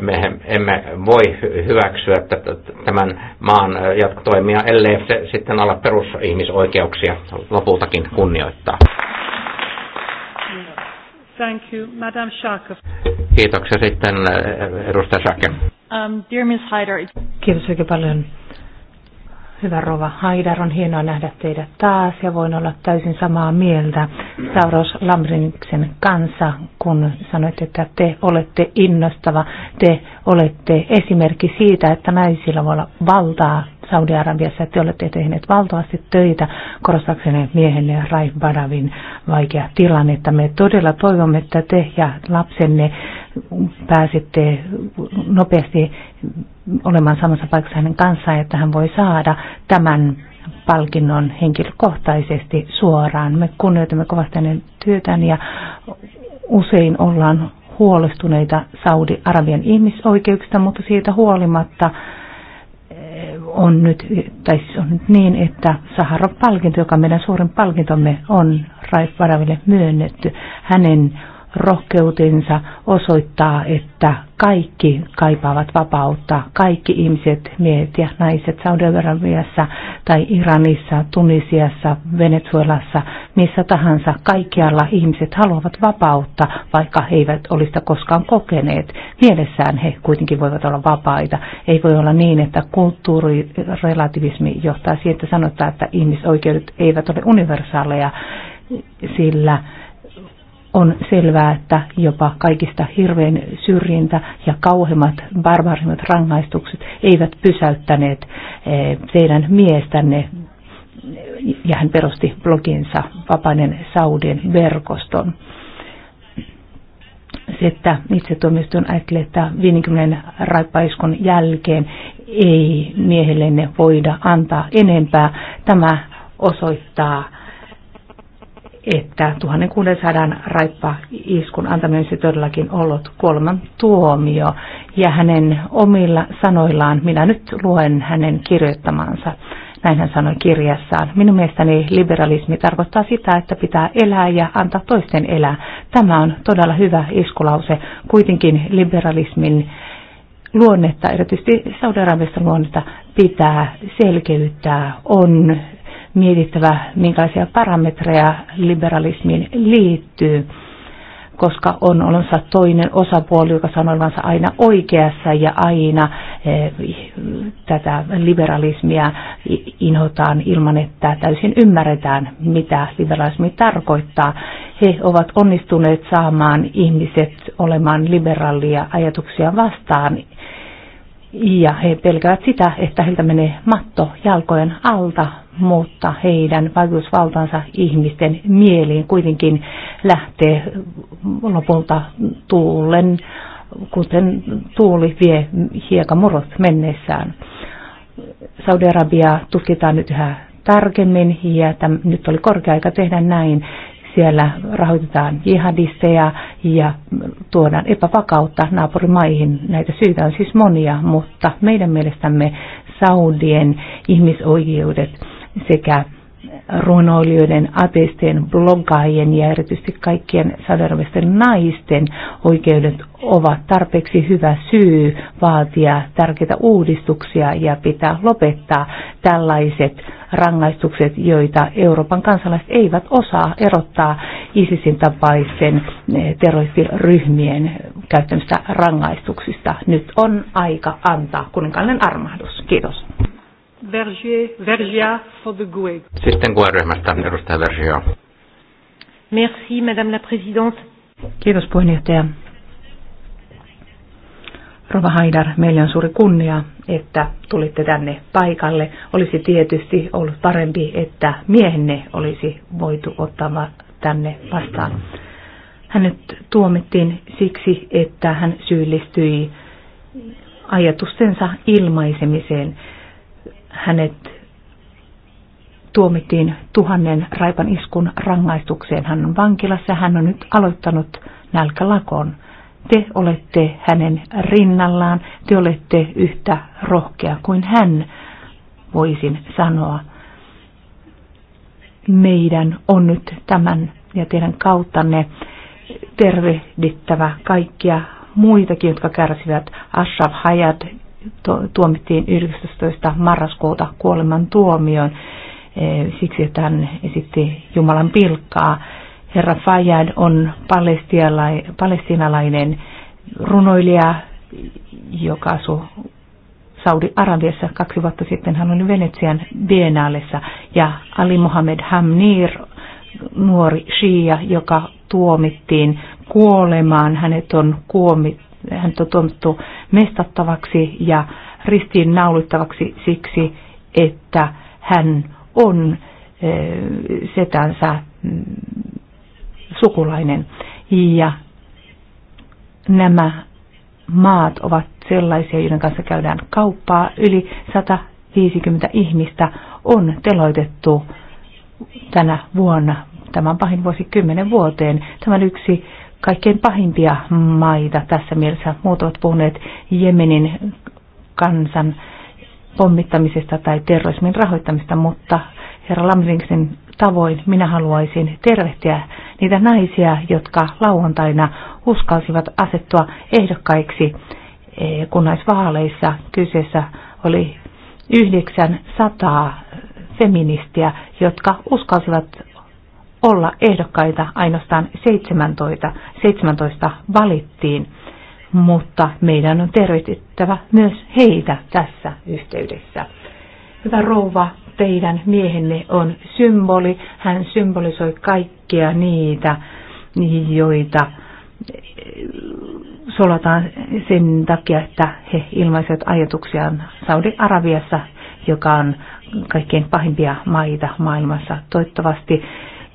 me emme voi hyväksyä tämän maan jatkotoimia, ellei se sitten ala perusihmisoikeuksia lopultakin kunnioittaa. Thank you, Madam Sharkov. Kiitoksia sitten edustaja Sharkov. Um, dear Ms. Heider. Kiitos oikein paljon Hyvä Rova Haidar, on hienoa nähdä teidät taas ja voin olla täysin samaa mieltä Sauros Lambrinksen kanssa, kun sanoit, että te olette innostava, te olette esimerkki siitä, että naisilla voi olla valtaa Saudi-Arabiassa, te olette tehneet valtavasti töitä korostakseni miehenne Raif Badavin vaikea tilanne, että me todella toivomme, että te ja lapsenne pääsitte nopeasti olemaan samassa paikassa hänen kanssaan, että hän voi saada tämän palkinnon henkilökohtaisesti suoraan. Me kunnioitamme kovasti hänen työtään ja usein ollaan huolestuneita Saudi-Arabian ihmisoikeuksista, mutta siitä huolimatta eh, on nyt, tai on nyt niin, että Saharov-palkinto, joka meidän suurin palkintomme on Raif Varaville myönnetty, hänen rohkeutensa osoittaa, että kaikki kaipaavat vapautta. Kaikki ihmiset, miehet ja naiset Saudi-Arabiassa tai Iranissa, Tunisiassa, Venezuelassa, missä tahansa, kaikkialla ihmiset haluavat vapautta, vaikka he eivät olisi sitä koskaan kokeneet. Mielessään he kuitenkin voivat olla vapaita. Ei voi olla niin, että kulttuurirelativismi johtaa siihen, että sanotaan, että ihmisoikeudet eivät ole universaaleja, sillä on selvää, että jopa kaikista hirvein syrjintä ja kauheimmat, barbaarisimmat rangaistukset eivät pysäyttäneet eh, teidän miestänne ja hän perusti bloginsa Vapainen Saudien verkoston. Se, että itse tuomioistuin ajatteli, että 50 raippaiskon jälkeen ei miehellenne voida antaa enempää, tämä osoittaa että 1600 raippa iskun antaminen olisi todellakin ollut kolman tuomio. Ja hänen omilla sanoillaan, minä nyt luen hänen kirjoittamansa, näin hän sanoi kirjassaan. Minun mielestäni liberalismi tarkoittaa sitä, että pitää elää ja antaa toisten elää. Tämä on todella hyvä iskulause. Kuitenkin liberalismin luonnetta, erityisesti Saudi-Arabiasta luonnetta, pitää selkeyttää. On mietittävä, minkälaisia parametreja liberalismiin liittyy, koska on olemassa toinen osapuoli, joka sanoo olevansa aina oikeassa ja aina e, tätä liberalismia inhotaan ilman, että täysin ymmärretään, mitä liberalismi tarkoittaa. He ovat onnistuneet saamaan ihmiset olemaan liberaalia ajatuksia vastaan ja he pelkäävät sitä, että heiltä menee matto jalkojen alta, mutta heidän vaikutusvaltansa ihmisten mieliin kuitenkin lähtee lopulta tuulen, kuten tuuli vie hiekamurot mennessään. Saudi-Arabia tutkitaan nyt yhä tarkemmin ja täm, nyt oli korkea aika tehdä näin. Siellä rahoitetaan jihadisteja ja tuodaan epävakautta naapurimaihin. Näitä syitä on siis monia, mutta meidän mielestämme Saudien ihmisoikeudet sekä runoilijoiden, ateisten, bloggaajien ja erityisesti kaikkien sadarvisten naisten oikeudet ovat tarpeeksi hyvä syy vaatia tärkeitä uudistuksia ja pitää lopettaa tällaiset rangaistukset, joita Euroopan kansalaiset eivät osaa erottaa ISISin tapaisten eh, terroristiryhmien käyttämistä rangaistuksista. Nyt on aika antaa kuninkaallinen armahdus. Kiitos. Vergier, Vergia for the e. Sitten GUE-ryhmästä edustaja Vergia. Merci, Madame la Présidente. Kiitos puheenjohtaja. Rova Haidar, meillä on suuri kunnia, että tulitte tänne paikalle. Olisi tietysti ollut parempi, että miehenne olisi voitu ottaa tänne vastaan. Hänet tuomittiin siksi, että hän syyllistyi ajatustensa ilmaisemiseen hänet tuomittiin tuhannen raipan iskun rangaistukseen. Hän on vankilassa ja hän on nyt aloittanut nälkälakon. Te olette hänen rinnallaan, te olette yhtä rohkea kuin hän, voisin sanoa. Meidän on nyt tämän ja teidän kauttanne tervehdittävä kaikkia muitakin, jotka kärsivät Ashraf Hayat, tuomittiin 19. marraskuuta kuoleman tuomioon e, siksi, että hän esitti Jumalan pilkkaa. Herra Fayad on palestinalainen runoilija, joka asuu Saudi-Arabiassa. Kaksi vuotta sitten hän oli Venetsian biennaalissa. Ja Ali Mohamed Hamnir, nuori shia, joka tuomittiin kuolemaan. Hänet on hän on tuomittu mestattavaksi ja ristiin naulittavaksi siksi, että hän on eh, setänsä mm, sukulainen. Ja nämä maat ovat sellaisia, joiden kanssa käydään kauppaa. Yli 150 ihmistä on teloitettu tänä vuonna. Tämä on pahin vuosi kymmenen vuoteen. Tämä on yksi kaikkein pahimpia maita tässä mielessä. Muut ovat puhuneet Jemenin kansan pommittamisesta tai terrorismin rahoittamista, mutta herra Lamringsin tavoin minä haluaisin tervehtiä niitä naisia, jotka lauantaina uskalsivat asettua ehdokkaiksi eh, kunnaisvaaleissa. Kyseessä oli 900 feministiä, jotka uskalsivat olla ehdokkaita, ainoastaan 17, 17 valittiin, mutta meidän on tervetyttävä myös heitä tässä yhteydessä. Hyvä rouva, teidän miehenne on symboli, hän symbolisoi kaikkia niitä, joita eh, solataan sen takia, että he ilmaisivat ajatuksiaan Saudi-Arabiassa, joka on kaikkein pahimpia maita maailmassa. Toivottavasti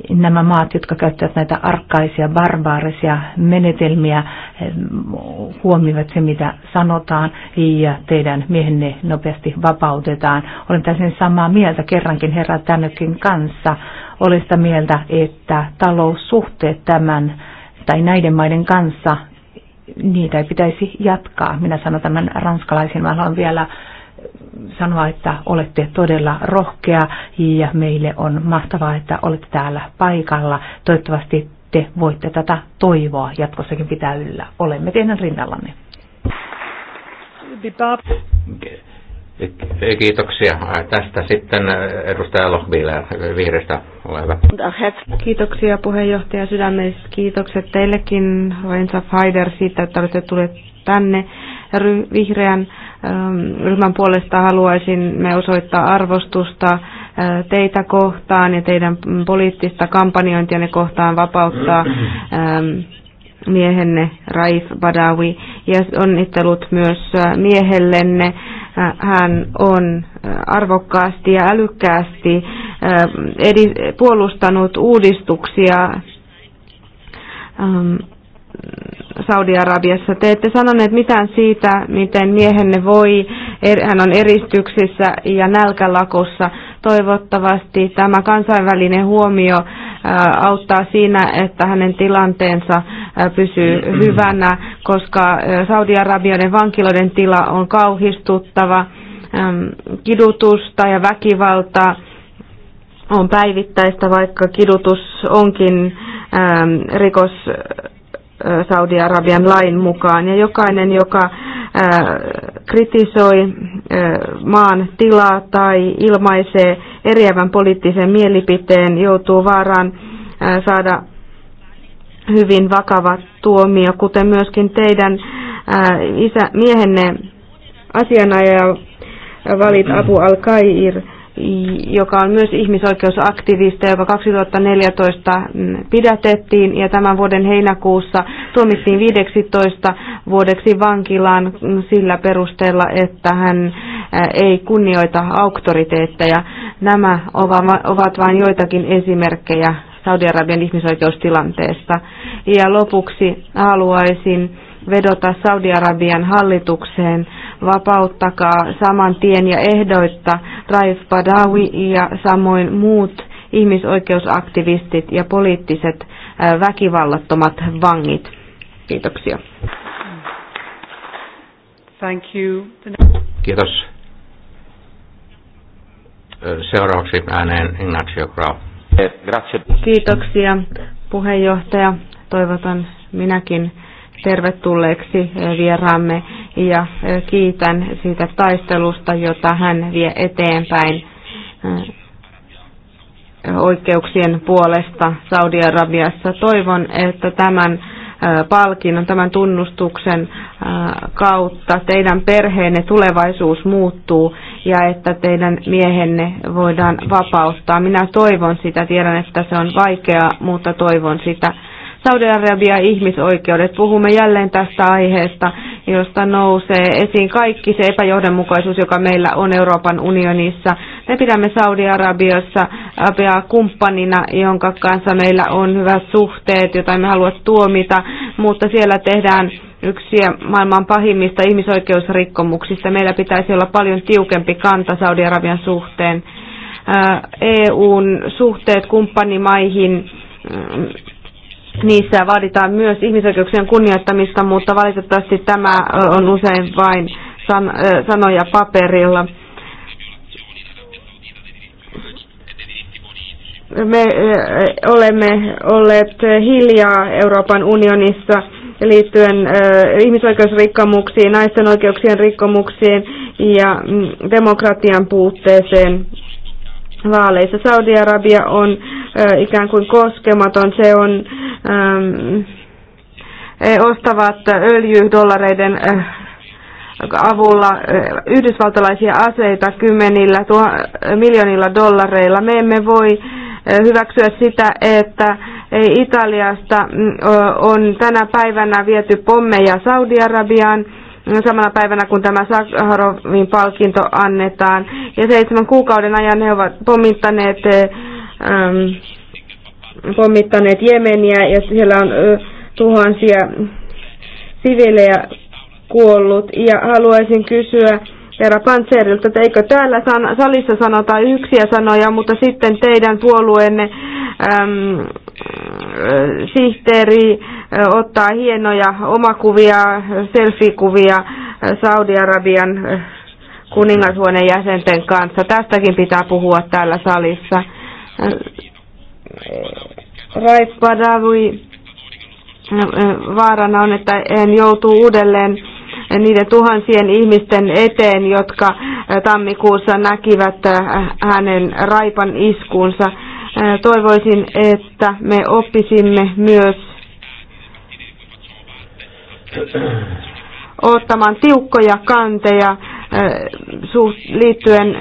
nämä maat, jotka käyttävät näitä arkkaisia, barbaarisia menetelmiä, eh, huomioivat se, mitä sanotaan, ja teidän miehenne nopeasti vapautetaan. Olen täysin samaa mieltä kerrankin herra Tännökin kanssa. Olen sitä mieltä, että taloussuhteet tämän tai näiden maiden kanssa, niitä ei pitäisi jatkaa. Minä sanon tämän ranskalaisen, mä haluan vielä sanoa, että olette todella rohkea ja meille on mahtavaa, että olette täällä paikalla. Toivottavasti te voitte tätä toivoa jatkossakin pitää yllä. Olemme teidän rinnallanne. Kiitoksia. Tästä sitten eh, edustaja Lohbiler eh, vihreistä. Ole hyvä. Kiitoksia puheenjohtaja. Sydämelliset kiitokset teillekin, Rensa Fider, siitä, että olette tulleet tänne. Vihreän Ähm, ryhmän puolesta haluaisin me osoittaa arvostusta äh, teitä kohtaan ja teidän poliittista ne kohtaan vapauttaa ähm, miehenne Raif Badawi ja onnittelut myös äh, miehellenne. Äh, hän on arvokkaasti ja älykkäästi puolustanut uudistuksia ähm, Saudi-Arabiassa. Te ette sanoneet mitään siitä, miten miehenne voi, er-, hän on eristyksissä ja nälkälakossa. Toivottavasti tämä kansainvälinen huomio äh, auttaa siinä, että hänen tilanteensa äh, pysyy hyvänä, koska äh, Saudi-Arabioiden vankiloiden tila on kauhistuttava, ähm, kidutusta ja väkivaltaa on päivittäistä, vaikka kidutus onkin ähm, rikos Saudi-Arabian lain mukaan. Ja jokainen, joka kritisoi maan tilaa tai ilmaisee eriävän poliittisen mielipiteen, joutuu vaaraan saada hyvin vakava tuomio, kuten myöskin teidän isä, miehenne asianajaja Valit Abu al-Kair joka on myös ihmisoikeusaktivista, joka 2014 pidätettiin ja tämän vuoden heinäkuussa tuomittiin 15 vuodeksi vankilaan sillä perusteella, että hän ei kunnioita auktoriteetteja. Nämä ovat vain joitakin esimerkkejä Saudi-Arabian ihmisoikeustilanteesta. Ja lopuksi haluaisin vedota Saudi-Arabian hallitukseen vapauttakaa saman tien ja ehdoitta Raif Badawi ja samoin muut ihmisoikeusaktivistit ja poliittiset väkivallattomat vangit. Kiitoksia. Thank you. Kiitos. Seuraavaksi ääneen Ignacio Grau. Kiitoksia puheenjohtaja. Toivotan minäkin tervetulleeksi eh, vieraamme ja eh, kiitän siitä taistelusta, jota hän vie eteenpäin eh, oikeuksien puolesta Saudi-Arabiassa. Toivon, että tämän palkinnon, tämän tunnustuksen kautta teidän perheenne tulevaisuus muuttuu ja että teidän miehenne voidaan vapauttaa. Minä toivon sitä, tiedän, että se on vaikeaa, mutta toivon sitä Saudi-Arabia ihmisoikeudet. Puhumme jälleen tästä aiheesta, josta nousee esiin kaikki se epäjohdonmukaisuus, joka meillä on Euroopan unionissa. Me pidämme Saudi-Arabiassa kumppanina, jonka kanssa meillä on hyvät suhteet, jota me halua tuomita, mutta siellä tehdään yksi maailman pahimmista ihmisoikeusrikkomuksista. Meillä pitäisi olla paljon tiukempi kanta Saudi-Arabian suhteen. EUn suhteet kumppanimaihin mm, niissä vaaditaan myös ihmisoikeuksien kunnioittamista, mutta valitettavasti tämä on usein vain san, sanoja paperilla. Me olemme olleet hiljaa Euroopan unionissa liittyen ihmisoikeusrikkomuksiin, naisten oikeuksien rikkomuksiin ja mm, demokratian puutteeseen vaaleissa. Saudi-Arabia on ikään kuin koskematon, se on, äm, ostavat öljydollareiden äh, avulla yhdysvaltalaisia aseita kymmenillä tuo, miljoonilla dollareilla. Me emme voi hyväksyä sitä, että Italiasta mm, on tänä päivänä viety pommeja Saudi-Arabiaan No, samana päivänä, kun tämä Sakharovin palkinto annetaan. Ja seitsemän kuukauden ajan he ovat pommittaneet, ähm, pommittaneet Jemeniä ja siellä on äh, tuhansia sivilejä kuollut. Ja haluaisin kysyä, herra panserilta että eikö täällä san- salissa sanota yksiä sanoja, mutta sitten teidän puolueenne äm, sihteeri ottaa hienoja omakuvia, selfikuvia Saudi-Arabian kuningashuoneen jäsenten kanssa. Tästäkin pitää puhua täällä salissa. Raip Badawi vaarana on, että en joutuu uudelleen niiden tuhansien ihmisten eteen, jotka tammikuussa näkivät hänen raipan iskuunsa. Toivoisin, että me oppisimme myös ottamaan tiukkoja kanteja liittyen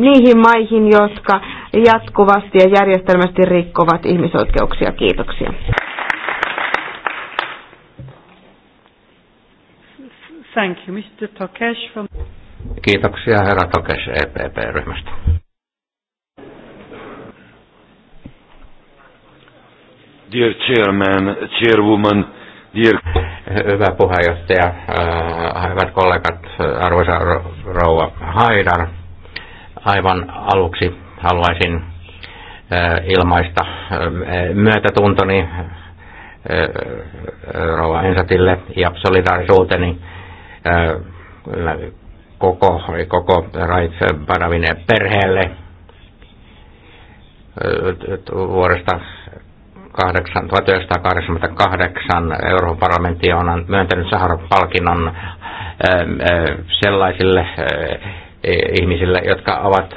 niihin maihin, jotka jatkuvasti ja järjestelmästi rikkovat ihmisoikeuksia. Kiitoksia. Thank you, Mr. Tokes From... Kiitoksia, herra Tokes EPP-ryhmästä. Dear chairman, chairwoman, dear... Hyvä puheenjohtaja, äh, hyvät kollegat, arvoisa rouva Haidar. Aivan aluksi haluaisin äh, ilmaista äh, myötätuntoni rouva Ensatille ja solidaarisuuteni Äh, koko, koko Rait Baravin perheelle äh, vuodesta 1988 Euroopan parlamentti on myöntänyt Saharov-palkinnon sellaisille ihmisille, jotka ovat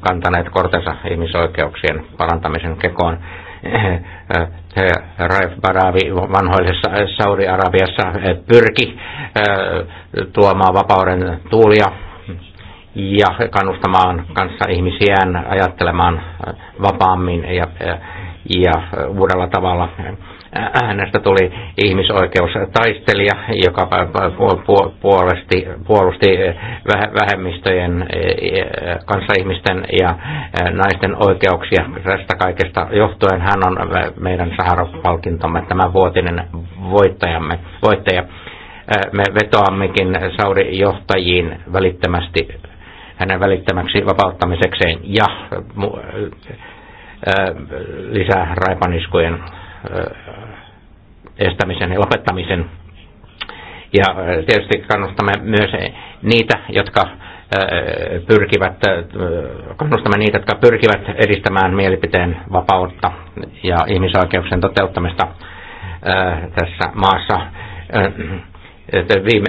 kantaneet kortensa ihmisoikeuksien parantamisen kekoon. Raif Baravi vanhoisessa Saudi-Arabiassa pyrki tuomaan vapauden tuulia ja kannustamaan kanssa ihmisiään ajattelemaan vapaammin ja, ja uudella tavalla hänestä tuli ihmisoikeustaistelija, joka puolusti, puolusti vähemmistöjen e, e, kanssaihmisten ja e, naisten oikeuksia. Tästä kaikesta johtuen hän on meidän Saharov-palkintomme tämä vuotinen voittajamme, voittaja. Me vetoammekin Saudi-johtajiin välittömästi hänen välittämäksi vapauttamisekseen ja lisää raipaniskujen estämisen ja lopettamisen. Ja tietysti kannustamme myös niitä, jotka pyrkivät, kannustamme niitä, jotka pyrkivät edistämään mielipiteen vapautta ja ihmisoikeuksien toteuttamista tässä maassa että viime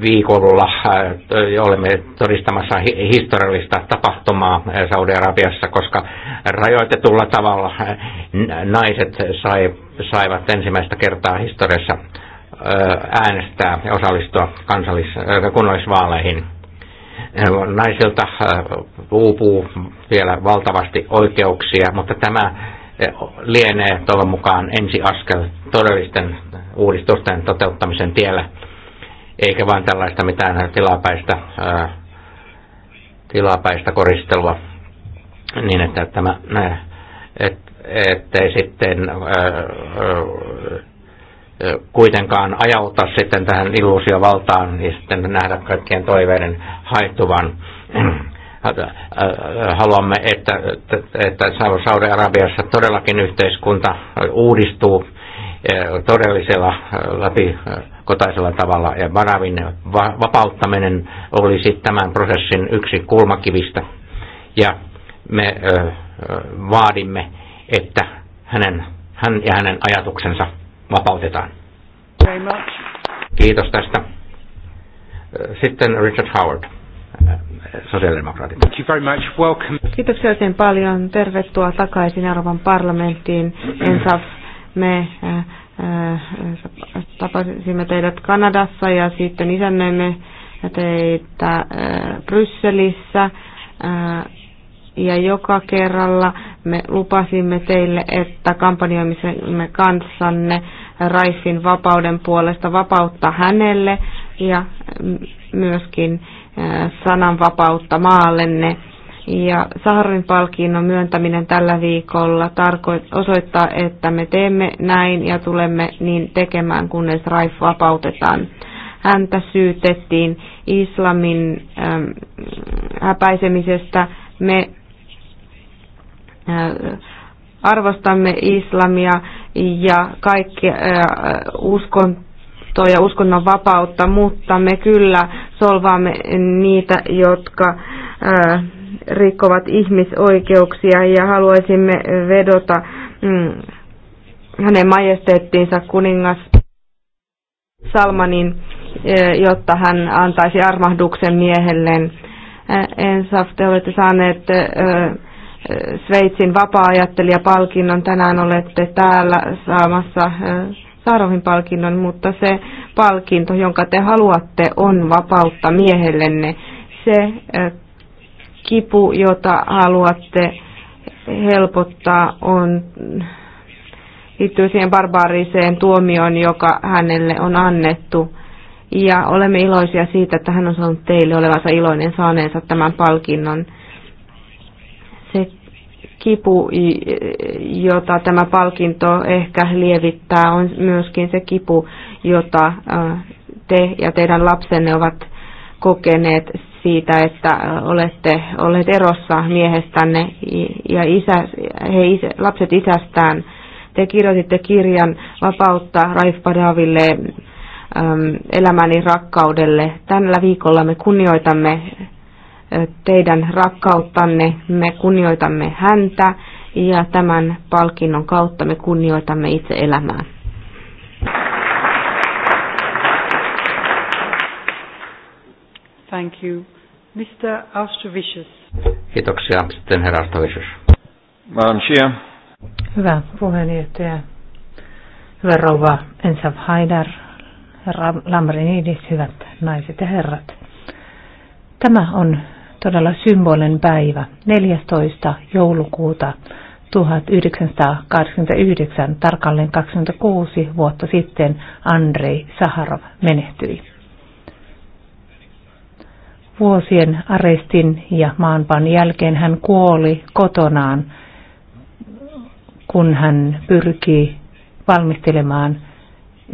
viikolla olemme todistamassa historiallista tapahtumaa Saudi-Arabiassa, koska rajoitetulla tavalla naiset sai, saivat ensimmäistä kertaa historiassa äänestää ja osallistua kansallis- kunnallisvaaleihin. Naisilta uupuu vielä valtavasti oikeuksia, mutta tämä lienee toivon mukaan ensiaskel todellisten uudistusten toteuttamisen tiellä, eikä vain tällaista mitään tilapäistä, ää, tilapäistä koristelua, niin että tämä, et, ettei sitten ää, kuitenkaan ajauta sitten tähän illuusiovaltaan ja sitten nähdä kaikkien toiveiden haittuvan Äh, äh, haluamme, että, että Saudi-Arabiassa todellakin yhteiskunta uudistuu äh, todellisella läpi kotaisella tavalla ja Baravin vapauttaminen olisi tämän prosessin yksi kulmakivistä. Ja me vaadimme, että hänen, hän ja hänen ajatuksensa vapautetaan. Kiitos tästä. Sitten Richard Howard sosiaalidemokraatit. Thank you very much. Welcome. Kiitoksia oikein paljon. Tervetuloa takaisin Euroopan parlamenttiin. Ensaf, me äh, äh, tapasimme teidät Kanadassa ja sitten isännöimme teitä äh, Brysselissä. Ja joka kerralla me lupasimme teille, että kampanjoimisemme kanssanne Raifin vapauden puolesta vapautta hänelle ja myöskin sananvapautta maallenne. Ja Saharin palkinnon myöntäminen tällä viikolla osoittaa, että me teemme näin ja tulemme niin tekemään, kunnes Raif vapautetaan. Häntä syytettiin islamin häpäisemisestä. Me äh, arvostamme islamia ja kaikki äh, uskon uskontoa ja uskonnon vapautta, mutta me kyllä solvaamme niitä, jotka äh, rikkovat ihmisoikeuksia ja haluaisimme vedota mm, hänen majesteettiinsa kuningas Salmanin, äh, jotta hän antaisi armahduksen miehelleen. Äh, Ensaf, te olette saaneet Sveitsin vapaa-ajattelijapalkinnon. Tänään olette täällä saamassa Saarovin palkinnon, mutta se palkinto, jonka te haluatte, on vapautta miehellenne. Se kipu, jota haluatte helpottaa, on liittyy siihen barbaariseen tuomioon, joka hänelle on annettu. Ja olemme iloisia siitä, että hän on saanut teille olevansa iloinen saaneensa tämän palkinnon kipu, jota tämä palkinto ehkä lievittää, on myöskin se kipu, jota te ja teidän lapsenne ovat kokeneet siitä, että olette olleet erossa miehestänne ja isä, he isä, lapset isästään. Te kirjoititte kirjan Vapautta Raif Badaville, Elämäni rakkaudelle. Tällä viikolla me kunnioitamme teidän rakkauttanne, me kunnioitamme häntä ja tämän palkinnon kautta me kunnioitamme itse elämää. Thank you. Mr. Austrovicius. Kiitoksia. Sitten herra Austrovicius. Manchia. Hyvä puheenjohtaja. Hyvä rouva Ensav Haidar, herra Lambrinidis, hyvät naiset ja herrat. Tämä on todella symbolinen päivä, 14. joulukuuta 1989, tarkalleen 26 vuotta sitten, Andrei Saharov menehtyi. Vuosien arestin ja maanpan jälkeen hän kuoli kotonaan, kun hän pyrki valmistelemaan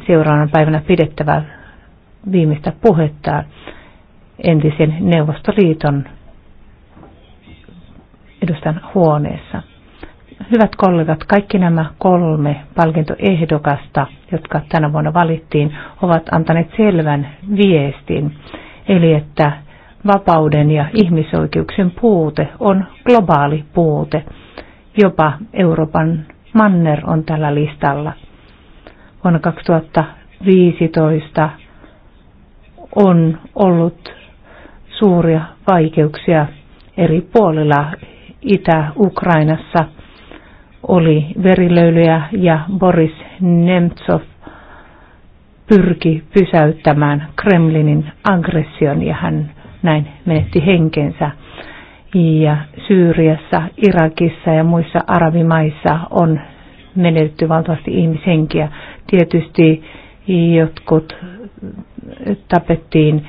seuraavana päivänä pidettävää viimeistä puhettaan entisen Neuvostoliiton edustan huoneessa. Hyvät kollegat, kaikki nämä kolme palkintoehdokasta, jotka tänä vuonna valittiin, ovat antaneet selvän viestin, eli että vapauden ja ihmisoikeuksien puute on globaali puute. Jopa Euroopan manner on tällä listalla. Vuonna 2015 on ollut suuria vaikeuksia eri puolilla Itä-Ukrainassa. Oli verilöylyjä ja Boris Nemtsov pyrki pysäyttämään Kremlinin aggression ja hän näin menetti henkensä. Ja Syyriassa, Irakissa ja muissa arabimaissa on menetetty valtavasti ihmishenkiä. Tietysti jotkut tapettiin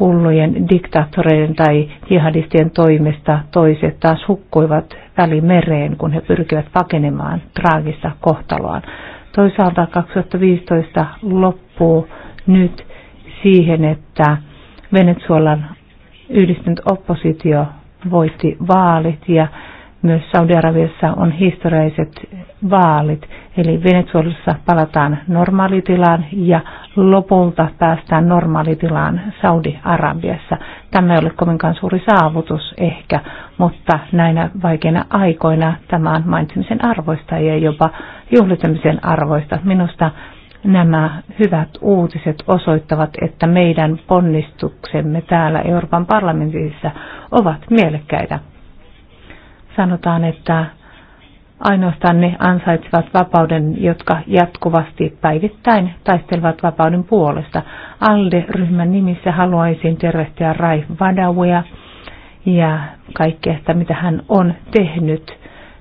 hullujen diktaattoreiden tai jihadistien toimesta toiset taas hukkuivat välimereen, kun he pyrkivät pakenemaan traagista kohtaloaan. Toisaalta 2015 loppuu nyt siihen, että Venezuelan yhdistynyt oppositio voitti vaalit ja myös Saudi-Arabiassa on historialliset vaalit, eli Venezuelassa palataan normaalitilaan ja lopulta päästään normaalitilaan Saudi-Arabiassa. Tämä ei ole kovinkaan suuri saavutus ehkä, mutta näinä vaikeina aikoina tämä on mainitsemisen arvoista ja jopa juhlitsemisen arvoista. Minusta nämä hyvät uutiset osoittavat, että meidän ponnistuksemme täällä Euroopan parlamentissa ovat mielekkäitä sanotaan, että ainoastaan ne ansaitsevat vapauden, jotka jatkuvasti päivittäin taistelevat vapauden puolesta. ALDE-ryhmän nimissä haluaisin tervehtiä Rai Vadawia ja kaikkea sitä, mitä hän on tehnyt.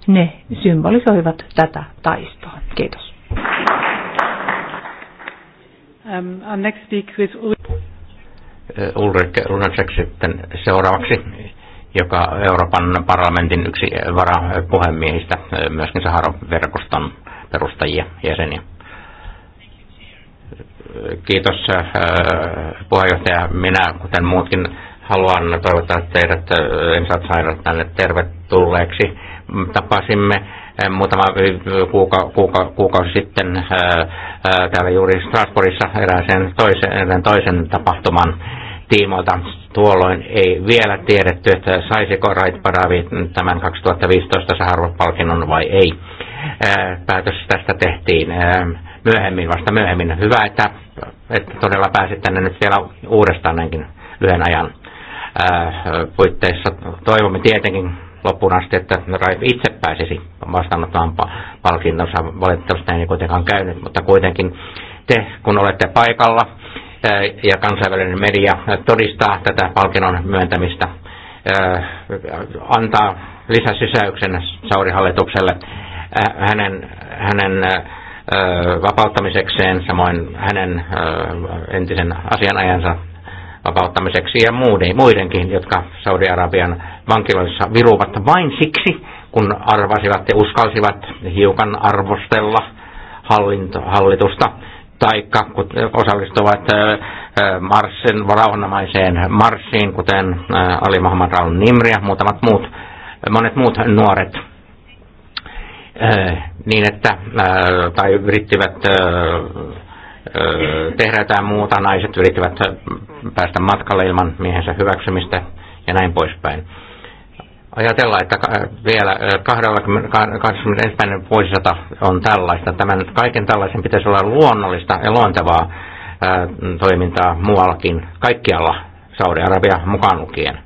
Ne symbolisoivat tätä taistoa. Kiitos. Um, next with Ulrike Runacek sitten seuraavaksi joka Euroopan parlamentin yksi varapuhemiehistä, myöskin Saharo-verkoston perustajia, jäseniä. Kiitos puheenjohtaja. Minä, kuten muutkin, haluan toivottaa teidät Ensat Sairaat tänne tervetulleeksi. Tapasimme muutama kuuka, kuuka, kuukausi sitten täällä juuri Strasbourgissa erään toisen, erään toisen tapahtuman tiimoilta. Tuolloin ei vielä tiedetty, että saisiko Raid Badavi tämän 2015 Saharov-palkinnon vai ei. Päätös tästä tehtiin myöhemmin, vasta myöhemmin. Hyvä, että, että todella pääsit tänne nyt vielä uudestaan näinkin lyhyen ajan puitteissa. Toivomme tietenkin loppuun asti, että Raif itse pääsisi vastaanottamaan palkintonsa. Valitettavasti näin ei kuitenkaan käynyt, mutta kuitenkin te, kun olette paikalla, ja kansainvälinen media todistaa tätä palkinnon myöntämistä, antaa lisäsysäyksen Saurihallitukselle hänen, hänen vapauttamisekseen, samoin hänen entisen asianajansa vapauttamiseksi ja muidenkin, jotka Saudi-Arabian vankiloissa viruvat vain siksi, kun arvasivat ja uskalsivat hiukan arvostella hallinto, hallitusta taikka osallistuvat Marsin, rauhanomaiseen Marsiin, kuten Ali Muhammad al Nimri ja muutamat muut, monet muut nuoret niin että, tai yrittivät tehdä jotain muuta, naiset yrittivät päästä matkalle ilman miehensä hyväksymistä ja näin poispäin ajatella, että äh, vielä 21. Äh, vuosisata on tällaista. Tämän, kaiken tällaisen pitäisi olla luonnollista ja luontevaa äh, toimintaa muuallakin, kaikkialla, Saudi-Arabia mukaan lukien.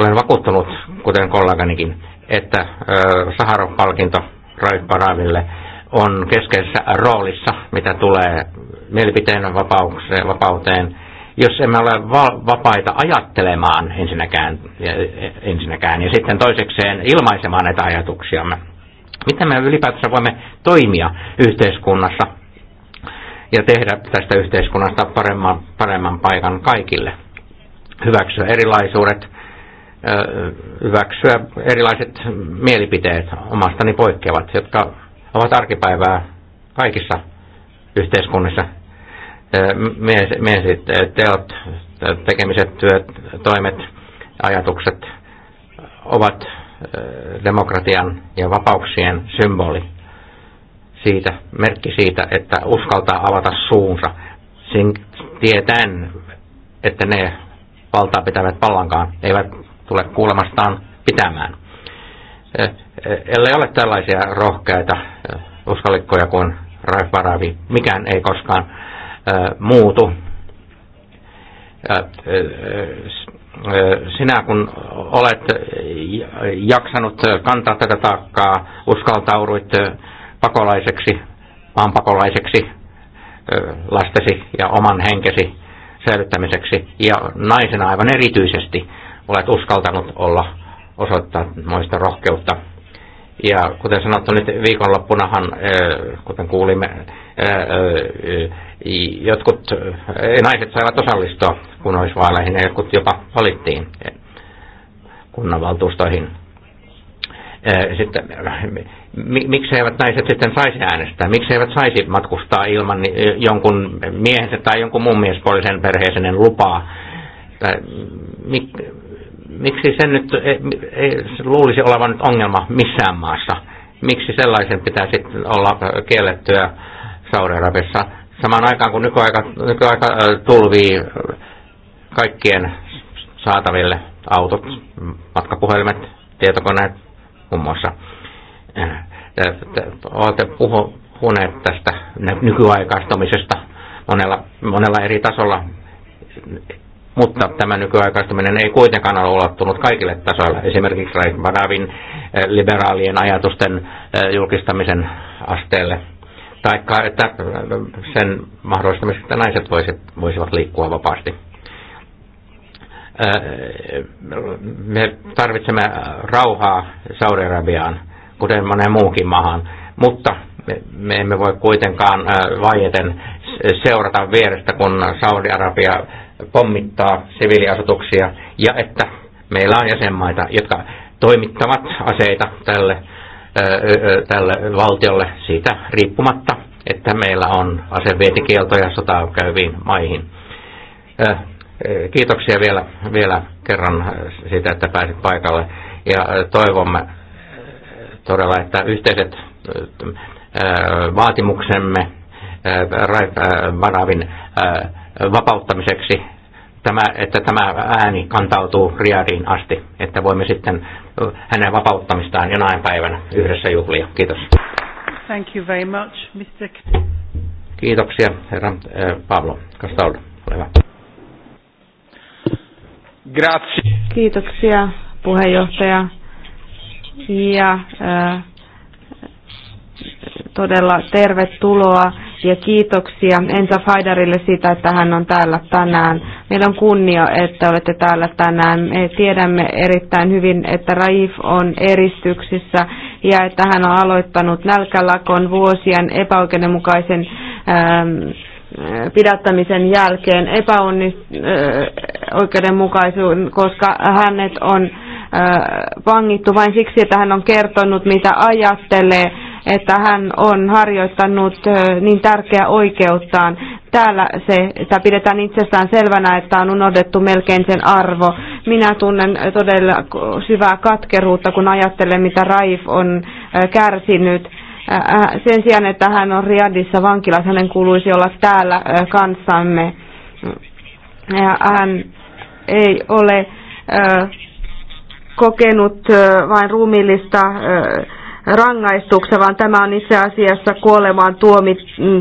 Olen vakuuttunut, kuten kolleganikin, että Saharov-palkinto Raiville on keskeisessä roolissa, mitä tulee mielipiteen vapauteen, jos emme ole vapaita ajattelemaan ensinnäkään, ensinnäkään ja sitten toisekseen ilmaisemaan näitä ajatuksiamme. Miten me ylipäätänsä voimme toimia yhteiskunnassa ja tehdä tästä yhteiskunnasta paremman, paremman paikan kaikille? Hyväksyä erilaisuudet, hyväksyä erilaiset mielipiteet omastani poikkeavat, jotka ovat arkipäivää kaikissa yhteiskunnissa miesit, teot, tekemiset, työt, toimet, ajatukset ovat demokratian ja vapauksien symboli. Siitä, merkki siitä, että uskaltaa avata suunsa, sin, tietäen, että ne valtaa pitävät pallankaan, eivät tule kuulemastaan pitämään. Ellei ole tällaisia rohkeita uskallikkoja kuin Raif Baravi, mikään ei koskaan muutu. Sinä kun olet jaksanut kantaa tätä taakkaa, uskaltauduit pakolaiseksi, maan pakolaiseksi lastesi ja oman henkesi säilyttämiseksi ja naisena aivan erityisesti olet uskaltanut olla osoittaa moista rohkeutta. Ja kuten sanottu, nyt viikonloppunahan, kuten kuulimme, Jotkut eh, naiset saivat osallistua kunnallisvaaleihin ja jotkut jopa valittiin kunnanvaltuustoihin. Eh, sitten, eh, miksi eivät naiset sitten saisi äänestää? Miksi eivät saisi matkustaa ilman jonkun miehensä tai jonkun muun miespuolisen perheisen lupaa? Mik, miksi sen nyt ei, ei, se luulisi olevan nyt ongelma missään maassa? Miksi sellaisen pitää sitten olla kiellettyä Saudi-Arabiassa? samaan aikaan kun nykyaika, nykyaika tulvii kaikkien saataville autot, matkapuhelimet, tietokoneet muun muassa. Olette puhuneet tästä nykyaikaistamisesta monella, monella eri tasolla, mutta tämä nykyaikaistaminen ei kuitenkaan ole ulottunut kaikille tasoille. Esimerkiksi Raif Badavin liberaalien ajatusten julkistamisen asteelle – tai että sen mahdollistamiseksi, että naiset voisivat, voisivat liikkua vapaasti. Me tarvitsemme rauhaa Saudi-Arabiaan, kuten monen muukin maahan, mutta me emme voi kuitenkaan vaieten seurata vierestä, kun Saudi-Arabia pommittaa siviiliasutuksia, ja että meillä on jäsenmaita, jotka toimittavat aseita tälle tälle valtiolle siitä riippumatta, että meillä on asevietikieltoja sotaa käyviin maihin. Kiitoksia vielä, vielä kerran siitä, että pääsit paikalle ja toivomme todella, että yhteiset vaatimuksemme Raif Badavin vapauttamiseksi tämä, että tämä ääni kantautuu Riadiin asti, että voimme sitten hänen vapauttamistaan jonain päivänä yhdessä juhlia. Kiitos. Thank you very much, Mr. Kiitoksia, herra Pablo Castaldo. Ole hyvä. Grazie. Kiitoksia, puheenjohtaja. Ja äh, todella tervetuloa ja kiitoksia Ensa Faidarille siitä, että hän on täällä tänään. Meillä on kunnia, että olette täällä tänään. Me tiedämme erittäin hyvin, että Raif on eristyksissä ja että hän on aloittanut nälkälakon vuosien epäoikeudenmukaisen ähm, pidättämisen jälkeen epäoikeudenmukaisuuden, koska hänet on äh, vangittu vain siksi, että hän on kertonut, mitä ajattelee että hän on harjoittanut niin tärkeää oikeuttaan. Täällä se, sitä pidetään itsestään selvänä, että on unohdettu melkein sen arvo. Minä tunnen todella syvää katkeruutta, kun ajattelen, mitä Raif on kärsinyt. Sen sijaan, että hän on Riadissa vankilassa, hänen kuuluisi olla täällä kanssamme. Ja hän ei ole kokenut vain ruumiillista rangaistuksena, vaan tämä on itse asiassa kuolemaan tuomi, mm,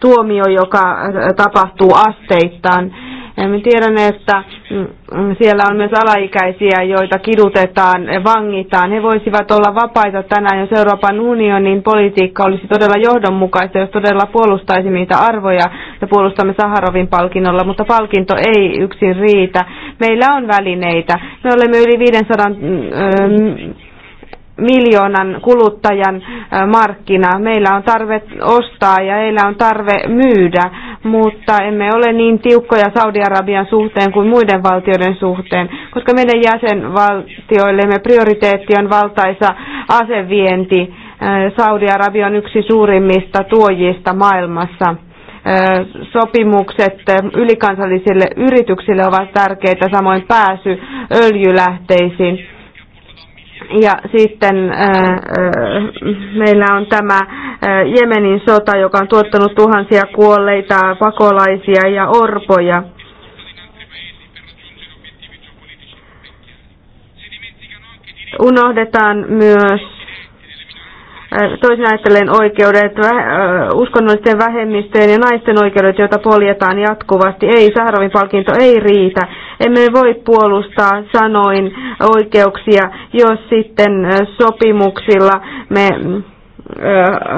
tuomio, joka tapahtuu asteittain. Me tiedän, että mm, siellä on myös alaikäisiä, joita kidutetaan, vangitaan. He voisivat olla vapaita tänään, jos Euroopan unionin politiikka olisi todella johdonmukaista, jos todella puolustaisi niitä arvoja ja puolustamme Saharovin palkinnolla, mutta palkinto ei yksin riitä. Meillä on välineitä. Me olemme yli 500 äh, mm, miljoonan kuluttajan markkina. Meillä on tarve ostaa ja heillä on tarve myydä, mutta emme ole niin tiukkoja Saudi-Arabian suhteen kuin muiden valtioiden suhteen, koska meidän jäsenvaltioillemme prioriteetti on valtaisa asevienti. Saudi-Arabia on yksi suurimmista tuojista maailmassa sopimukset ylikansallisille yrityksille ovat tärkeitä, samoin pääsy öljylähteisiin ja sitten äh, meillä on tämä äh, Jemenin sota, joka on tuottanut tuhansia kuolleita, pakolaisia ja orpoja. Unohdetaan myös toisin ajattelen oikeudet, uskonnollisten vähemmistöjen ja naisten oikeudet, joita poljetaan jatkuvasti. Ei, Saharovin palkinto ei riitä. Emme voi puolustaa sanoin oikeuksia, jos sitten sopimuksilla me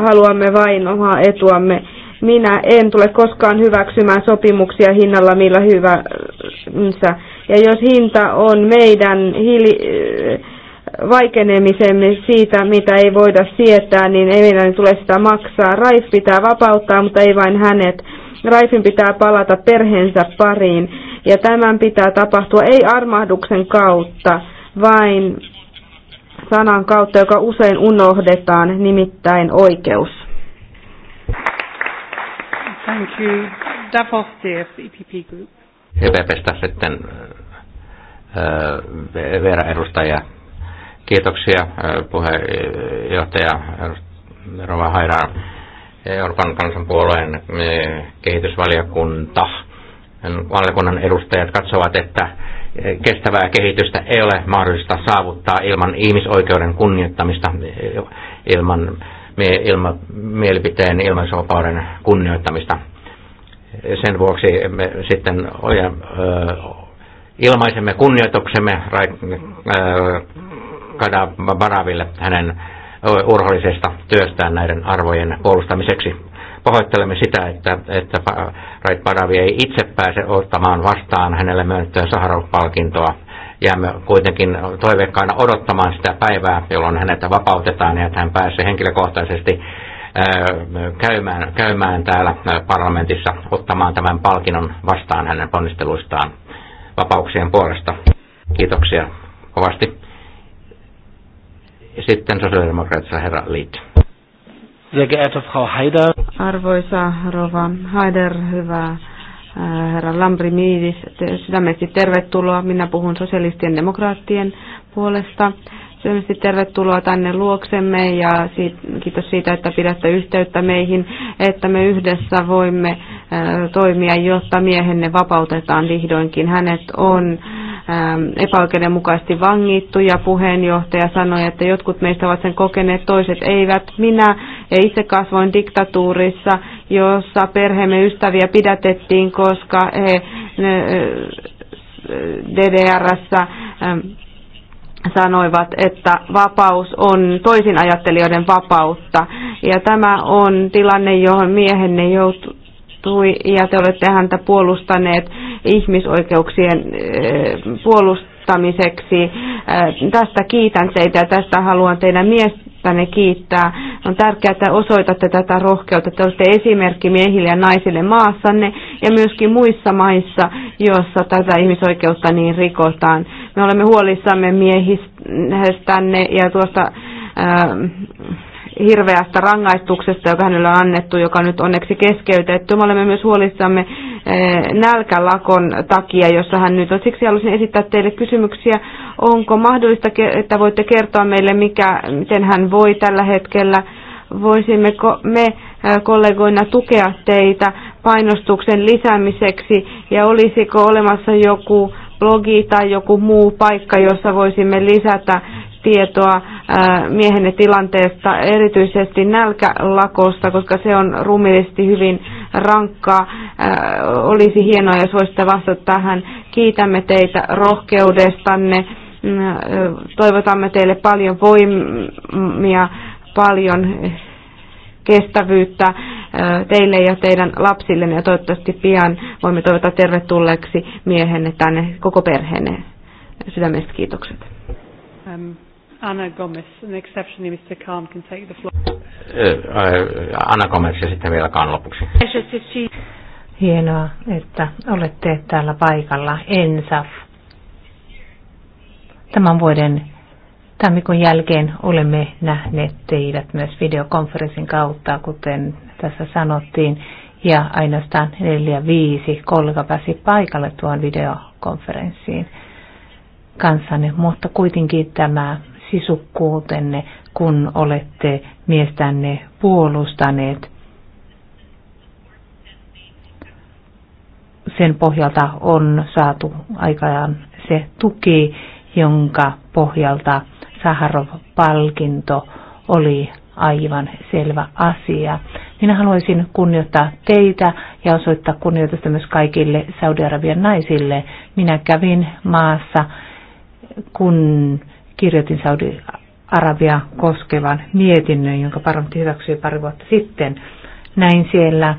haluamme vain omaa etuamme. Minä en tule koskaan hyväksymään sopimuksia hinnalla millä hyvänsä. Ja jos hinta on meidän hili- vaikenemisemme siitä, mitä ei voida sietää, niin ei meidän tule sitä maksaa. Raif pitää vapauttaa, mutta ei vain hänet. Raifin pitää palata perheensä pariin. Ja tämän pitää tapahtua ei armahduksen kautta, vain sanan kautta, joka usein unohdetaan, nimittäin oikeus. Thank you. Davos EPP Group. EPPstä sitten äh, Veera edustaja. Kiitoksia äh, puheenjohtaja Rova Hairaan. Euroopan kansanpuolueen äh, kehitysvaliokunta valiokunnan edustajat katsovat, että eh, kestävää kehitystä ei ole mahdollista saavuttaa ilman ihmisoikeuden kunnioittamista, eh, ilman, ilman mielipiteen ilmaisuvapauden kunnioittamista. Eh, sen vuoksi me sitten ilmaisemme kunnioituksemme Kada Baraville hänen urhollisesta työstään näiden arvojen puolustamiseksi pahoittelemme sitä, että, että Raid Badawi ei itse pääse ottamaan vastaan hänelle myönnettyä Saharov-palkintoa. Jäämme kuitenkin toiveikkaana odottamaan sitä päivää, jolloin hänet vapautetaan ja että hän pääsee henkilökohtaisesti käymään, käymään täällä parlamentissa ottamaan tämän palkinnon vastaan hänen ponnisteluistaan vapauksien puolesta. Kiitoksia kovasti. Sitten sosiaalidemokraattisella herra Liit. Sehr geehrte Frau Haider. Arvoisa Rova Haider, hyvä äh, herra Miidis, sydämesti tervetuloa. Minä puhun sosialistien demokraattien puolesta. Sydämesti tervetuloa tänne luoksemme ja kiitos siitä, että pidätte yhteyttä meihin, että me yhdessä voimme äh, toimia, jotta miehenne vapautetaan vihdoinkin. Hänet on ähm, epäoikeudenmukaisesti vangittu ja puheenjohtaja sanoi, että jotkut meistä ovat sen kokeneet, toiset eivät. Minä ja itse kasvoin diktatuurissa, jossa perheemme ystäviä pidätettiin, koska he DDRssä ähm, sanoivat, että vapaus on toisin ajattelijoiden vapautta. Ja tämä on tilanne, johon miehenne joutui, ja te olette häntä puolustaneet ihmisoikeuksien äh, puolustamiseksi. Äh, tästä kiitän teitä ja tästä haluan teidän työstänne kiittää. On tärkeää, että osoitatte tätä rohkeutta. Te olette esimerkki miehille ja naisille maassanne ja myöskin muissa maissa, joissa tätä ihmisoikeutta niin rikotaan. Me olemme huolissamme miehistänne ja tuosta hirveästä rangaistuksesta, joka hänelle on annettu, joka nyt onneksi keskeytetty. Me olemme myös huolissamme eh, nälkälakon takia, jossa hän nyt on. Siksi haluaisin esittää teille kysymyksiä. Onko mahdollista, että voitte kertoa meille, mikä, miten hän voi tällä hetkellä? Voisimmeko me eh, kollegoina tukea teitä painostuksen lisäämiseksi ja olisiko olemassa joku blogi tai joku muu paikka, jossa voisimme lisätä tietoa miehenne tilanteesta, erityisesti nälkälakosta, koska se on rumillisesti hyvin rankkaa. Olisi hienoa, jos voisitte vastata tähän. Kiitämme teitä rohkeudestanne. Mm, toivotamme teille paljon voimia, paljon kestävyyttä teille ja teidän lapsille ja toivottavasti pian voimme toivottaa tervetulleeksi miehenne tänne koko perheenne. Sydämestä kiitokset. Um. Anna Gomez, exception, exceptionally Mr. Khan can take the floor. Eh, eh, Anna Gomez ja sitten vielä Khan lopuksi. Hienoa, että olette täällä paikalla. Ensaf. Tämän vuoden tammikuun jälkeen olemme nähneet teidät myös videokonferenssin kautta, kuten tässä sanottiin, ja ainoastaan neljä viisi kollega pääsi paikalle tuon videokonferenssiin kanssanne, mutta kuitenkin tämä sisukkuutenne, kun olette miestänne puolustaneet. Sen pohjalta on saatu aikaan se tuki, jonka pohjalta Saharov-palkinto oli aivan selvä asia. Minä haluaisin kunnioittaa teitä ja osoittaa kunnioitusta myös kaikille Saudi-Arabian naisille. Minä kävin maassa, kun kirjoitin Saudi-Arabia koskevan mietinnön, jonka parlamentti hyväksyi pari vuotta sitten. Näin siellä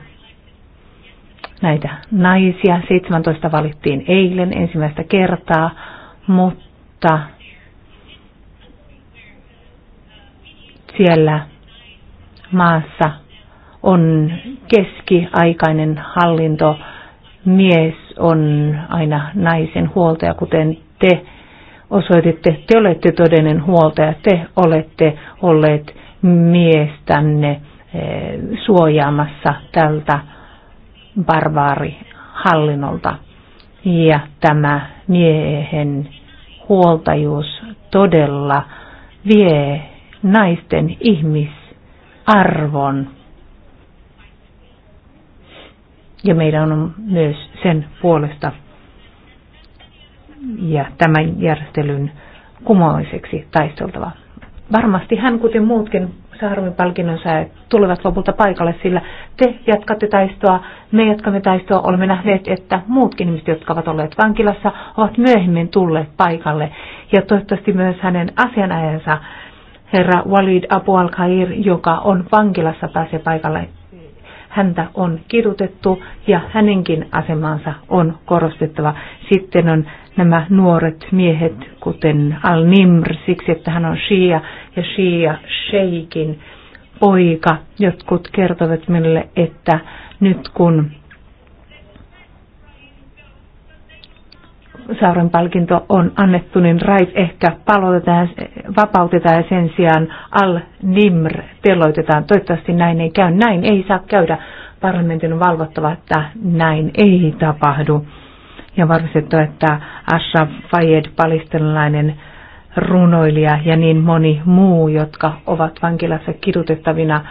näitä naisia. 17 valittiin eilen ensimmäistä kertaa, mutta siellä maassa on keskiaikainen hallinto. Mies on aina naisen huoltaja, kuten te osoititte. Te olette todellinen huoltaja, te olette olleet miestänne eh, suojaamassa tältä barbaarihallinnolta. Ja tämä miehen huoltajuus todella vie naisten ihmisarvon. Ja meidän on myös sen puolesta ja tämän järjestelyn kumoiseksi taisteltava. Varmasti hän, kuten muutkin Saharomin palkinnon saajat, tulevat lopulta paikalle, sillä te jatkatte taistoa, me jatkamme taistoa. Olemme nähneet, että muutkin ihmiset, jotka ovat olleet vankilassa, ovat myöhemmin tulleet paikalle. Ja toivottavasti myös hänen asianajansa, herra Walid Abu al joka on vankilassa, pääsee paikalle häntä on kidutettu ja hänenkin asemansa on korostettava. Sitten on nämä nuoret miehet, kuten Al-Nimr, siksi että hän on Shia ja Shia Sheikin poika. Jotkut kertovat minulle, että nyt kun Saaren palkinto on annettu, niin Raif ehkä palautetaan, vapautetaan ja sen sijaan Al-Nimr teloitetaan. Toivottavasti näin ei käy. Näin ei saa käydä. Parlamentin on valvottava, että näin ei tapahdu. Ja varmistettu, että Asha Fayed, palestinalainen runoilija ja niin moni muu, jotka ovat vankilassa kidutettavina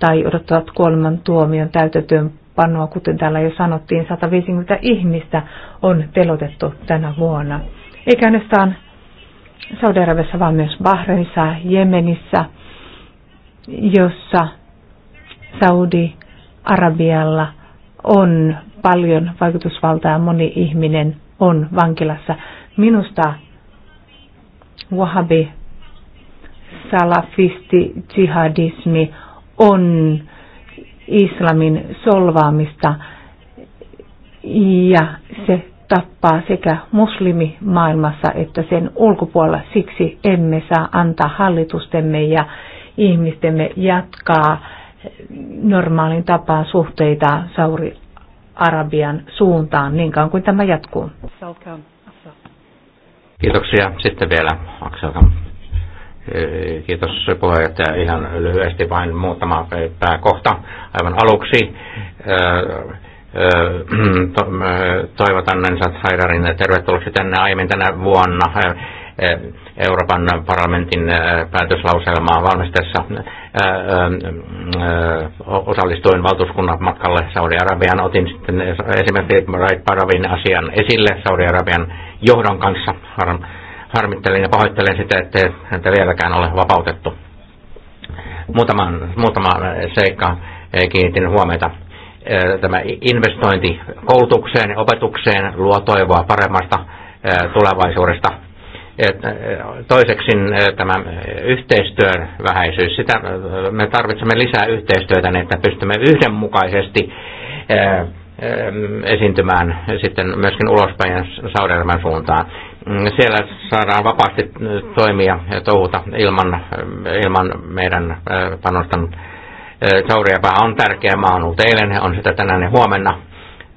tai odottavat kuoleman tuomion täytetyn pannua kuten täällä jo sanottiin, 150 ihmistä on telotettu tänä vuonna. Eikä ainoastaan Saudi-Arabiassa, vaan myös Bahreissa, Jemenissä, jossa Saudi-Arabialla on paljon vaikutusvaltaa, moni ihminen on vankilassa. Minusta wahabi, salafisti, jihadismi on islamin solvaamista ja se tappaa sekä muslimimaailmassa että sen ulkopuolella. Siksi emme saa antaa hallitustemme ja ihmistemme jatkaa normaalin tapaan suhteita Sauri Arabian suuntaan niin kauan kuin tämä jatkuu. Kiitoksia. Sitten vielä Akselkan. Kiitos puheenjohtaja. Ihan lyhyesti vain muutama pääkohta. Aivan aluksi äh, äh, toivotan Nensat Haidarin tervetulleeksi tänne aiemmin tänä vuonna äh, Euroopan parlamentin päätöslauselmaa valmistessa osallistuin valtuuskunnan matkalle Saudi-Arabian. Otin sitten esimerkiksi Raid Paravin asian esille Saudi-Arabian johdon kanssa harmittelen ja pahoittelen sitä, että häntä vieläkään ole vapautettu. Muutaman, muutaman seikkaan eh, kiinnitin huomiota. Eh, tämä investointi koulutukseen, opetukseen luo toivoa paremmasta eh, tulevaisuudesta. Toiseksi tämä yhteistyön vähäisyys. Sitä me tarvitsemme lisää yhteistyötä, niin että pystymme yhdenmukaisesti esiintymään sitten myöskin ulospäin Saudi-Arabian suuntaan. Mm, siellä saadaan vapaasti mm, toimia ja touhuta ilman, mm, ilman meidän panostan. Sauriapää on tärkeä maa, on ollut eilen, on sitä tänään ja huomenna,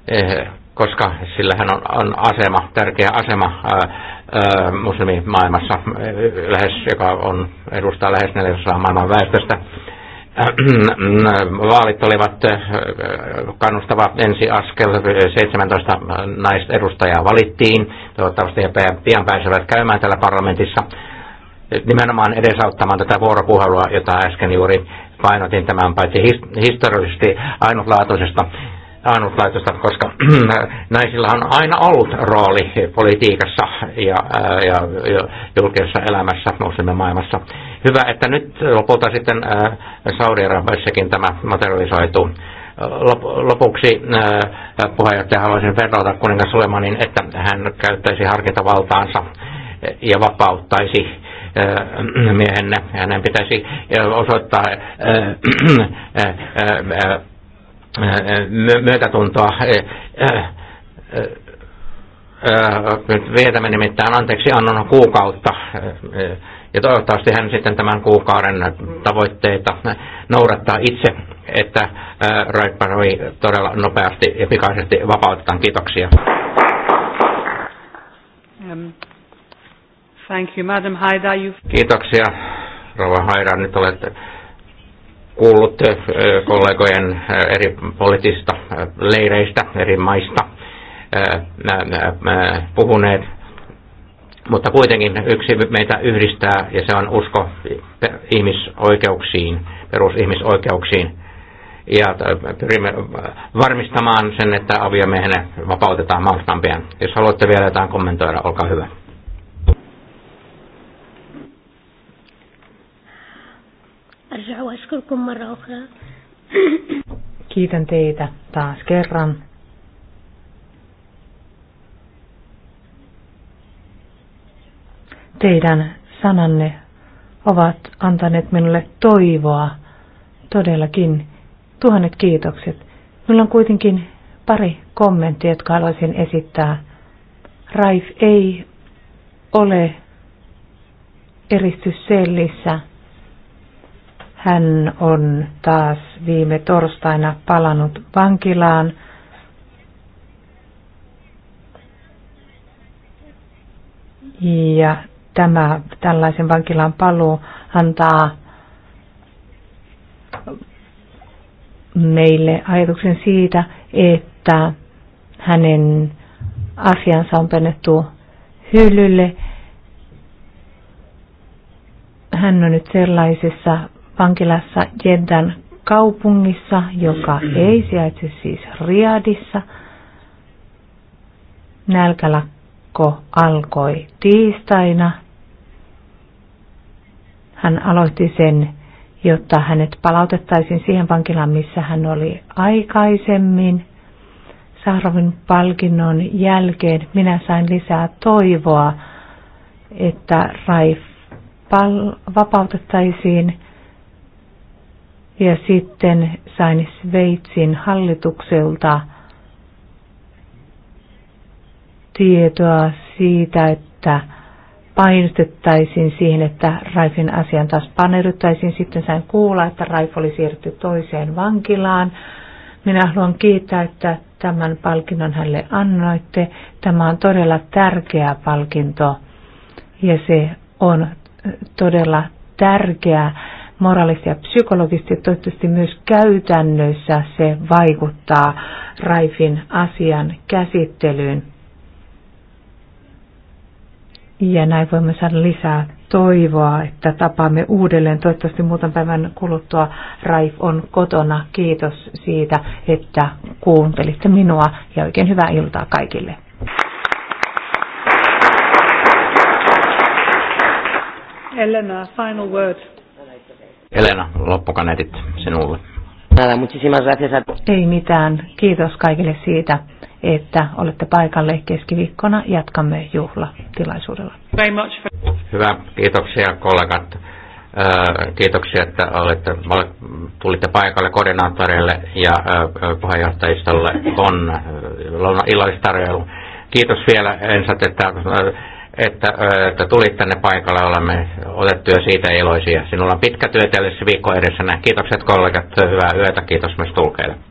eh, koska hän on, on asema, tärkeä asema muslimimaailmassa, lähes, joka on, edustaa lähes neljäsosaa maailman väestöstä Äh, vaalit olivat äh, kannustava ensiaskel. 17 naisedustajaa valittiin. Toivottavasti he pian pääsevät käymään täällä parlamentissa nimenomaan edesauttamaan tätä vuoropuhelua, jota äsken juuri painotin tämän paitsi historiallisesti ainutlaatuisesta ainutlaatuista, koska naisilla on aina ollut rooli politiikassa ja, ja julkisessa elämässä, muslimin maailmassa. Hyvä, että nyt lopulta sitten Saudi-Arabiassakin tämä materialisoituu lopuksi puheenjohtaja haluaisin vedota kuningas Sulemanin, että hän käyttäisi harkintavaltaansa ja vapauttaisi miehenne. Hänen pitäisi osoittaa myötätuntoa eh, eh, eh, vietämme nimittäin anteeksi annon kuukautta. Ja toivottavasti hän sitten tämän kuukauden tavoitteita noudattaa itse, että Raipanoi todella nopeasti ja pikaisesti vapautetaan. Kiitoksia. Um, thank you, Madam Haida. You've... Kiitoksia, Rova Haida. Nyt olette kuullut eh, kollegojen eh, eri poliittisista eh, leireistä, eri maista puhuneet. Mutta kuitenkin yksi meitä yhdistää ja se on usko ihmisoikeuksiin, perusihmisoikeuksiin. Ja pyrimme varmistamaan sen, että aviomiehenne vapautetaan mahdollisimman pian. Jos haluatte vielä jotain kommentoida, olkaa hyvä. Kiitän teitä taas kerran. Teidän sananne ovat antaneet minulle toivoa, todellakin. Tuhannet kiitokset. Minulla on kuitenkin pari kommenttia, jotka haluaisin esittää. Raif ei ole eristyssellissä hän on taas viime torstaina palannut vankilaan. Ja tämä tällaisen vankilan paluu antaa meille ajatuksen siitä, että hänen asiansa on pennettu hyllylle. Hän on nyt sellaisessa vankilassa Jeddan kaupungissa, joka ei sijaitse siis Riadissa. Nälkälakko alkoi tiistaina. Hän aloitti sen, jotta hänet palautettaisiin siihen vankilaan, missä hän oli aikaisemmin. Sahrovin palkinnon jälkeen minä sain lisää toivoa, että Raif vapautettaisiin ja sitten sain Sveitsin hallitukselta tietoa siitä, että painostettaisiin siihen, että Raifin asian taas paneuduttaisiin. Sitten sain kuulla, että Raif oli siirretty toiseen vankilaan. Minä haluan kiittää, että tämän palkinnon hänelle annoitte. Tämä on todella tärkeä palkinto ja se on todella tärkeä moraalisesti ja psykologisesti, toivottavasti myös käytännössä se vaikuttaa Raifin asian käsittelyyn. Ja näin voimme saada lisää toivoa, että tapaamme uudelleen. Toivottavasti muutaman päivän kuluttua Raif on kotona. Kiitos siitä, että kuuntelitte minua ja oikein hyvää iltaa kaikille. Elena, final words. Elena, loppukaneetit sinulle. Ei mitään. Kiitos kaikille siitä, että olette paikalle keskiviikkona. Jatkamme juhlatilaisuudella. Hyvä. Kiitoksia kollegat. Kiitoksia, että olette, tulitte paikalle koordinaattoreille ja puheenjohtajistolle. On tarjoilu. Kiitos vielä Ensat, että että, että tulit tänne paikalle. Olemme otettu jo siitä iloisia. Sinulla on pitkä työ tälle viikko edessä. Kiitokset kollegat, hyvää yötä. Kiitos myös tulkeille.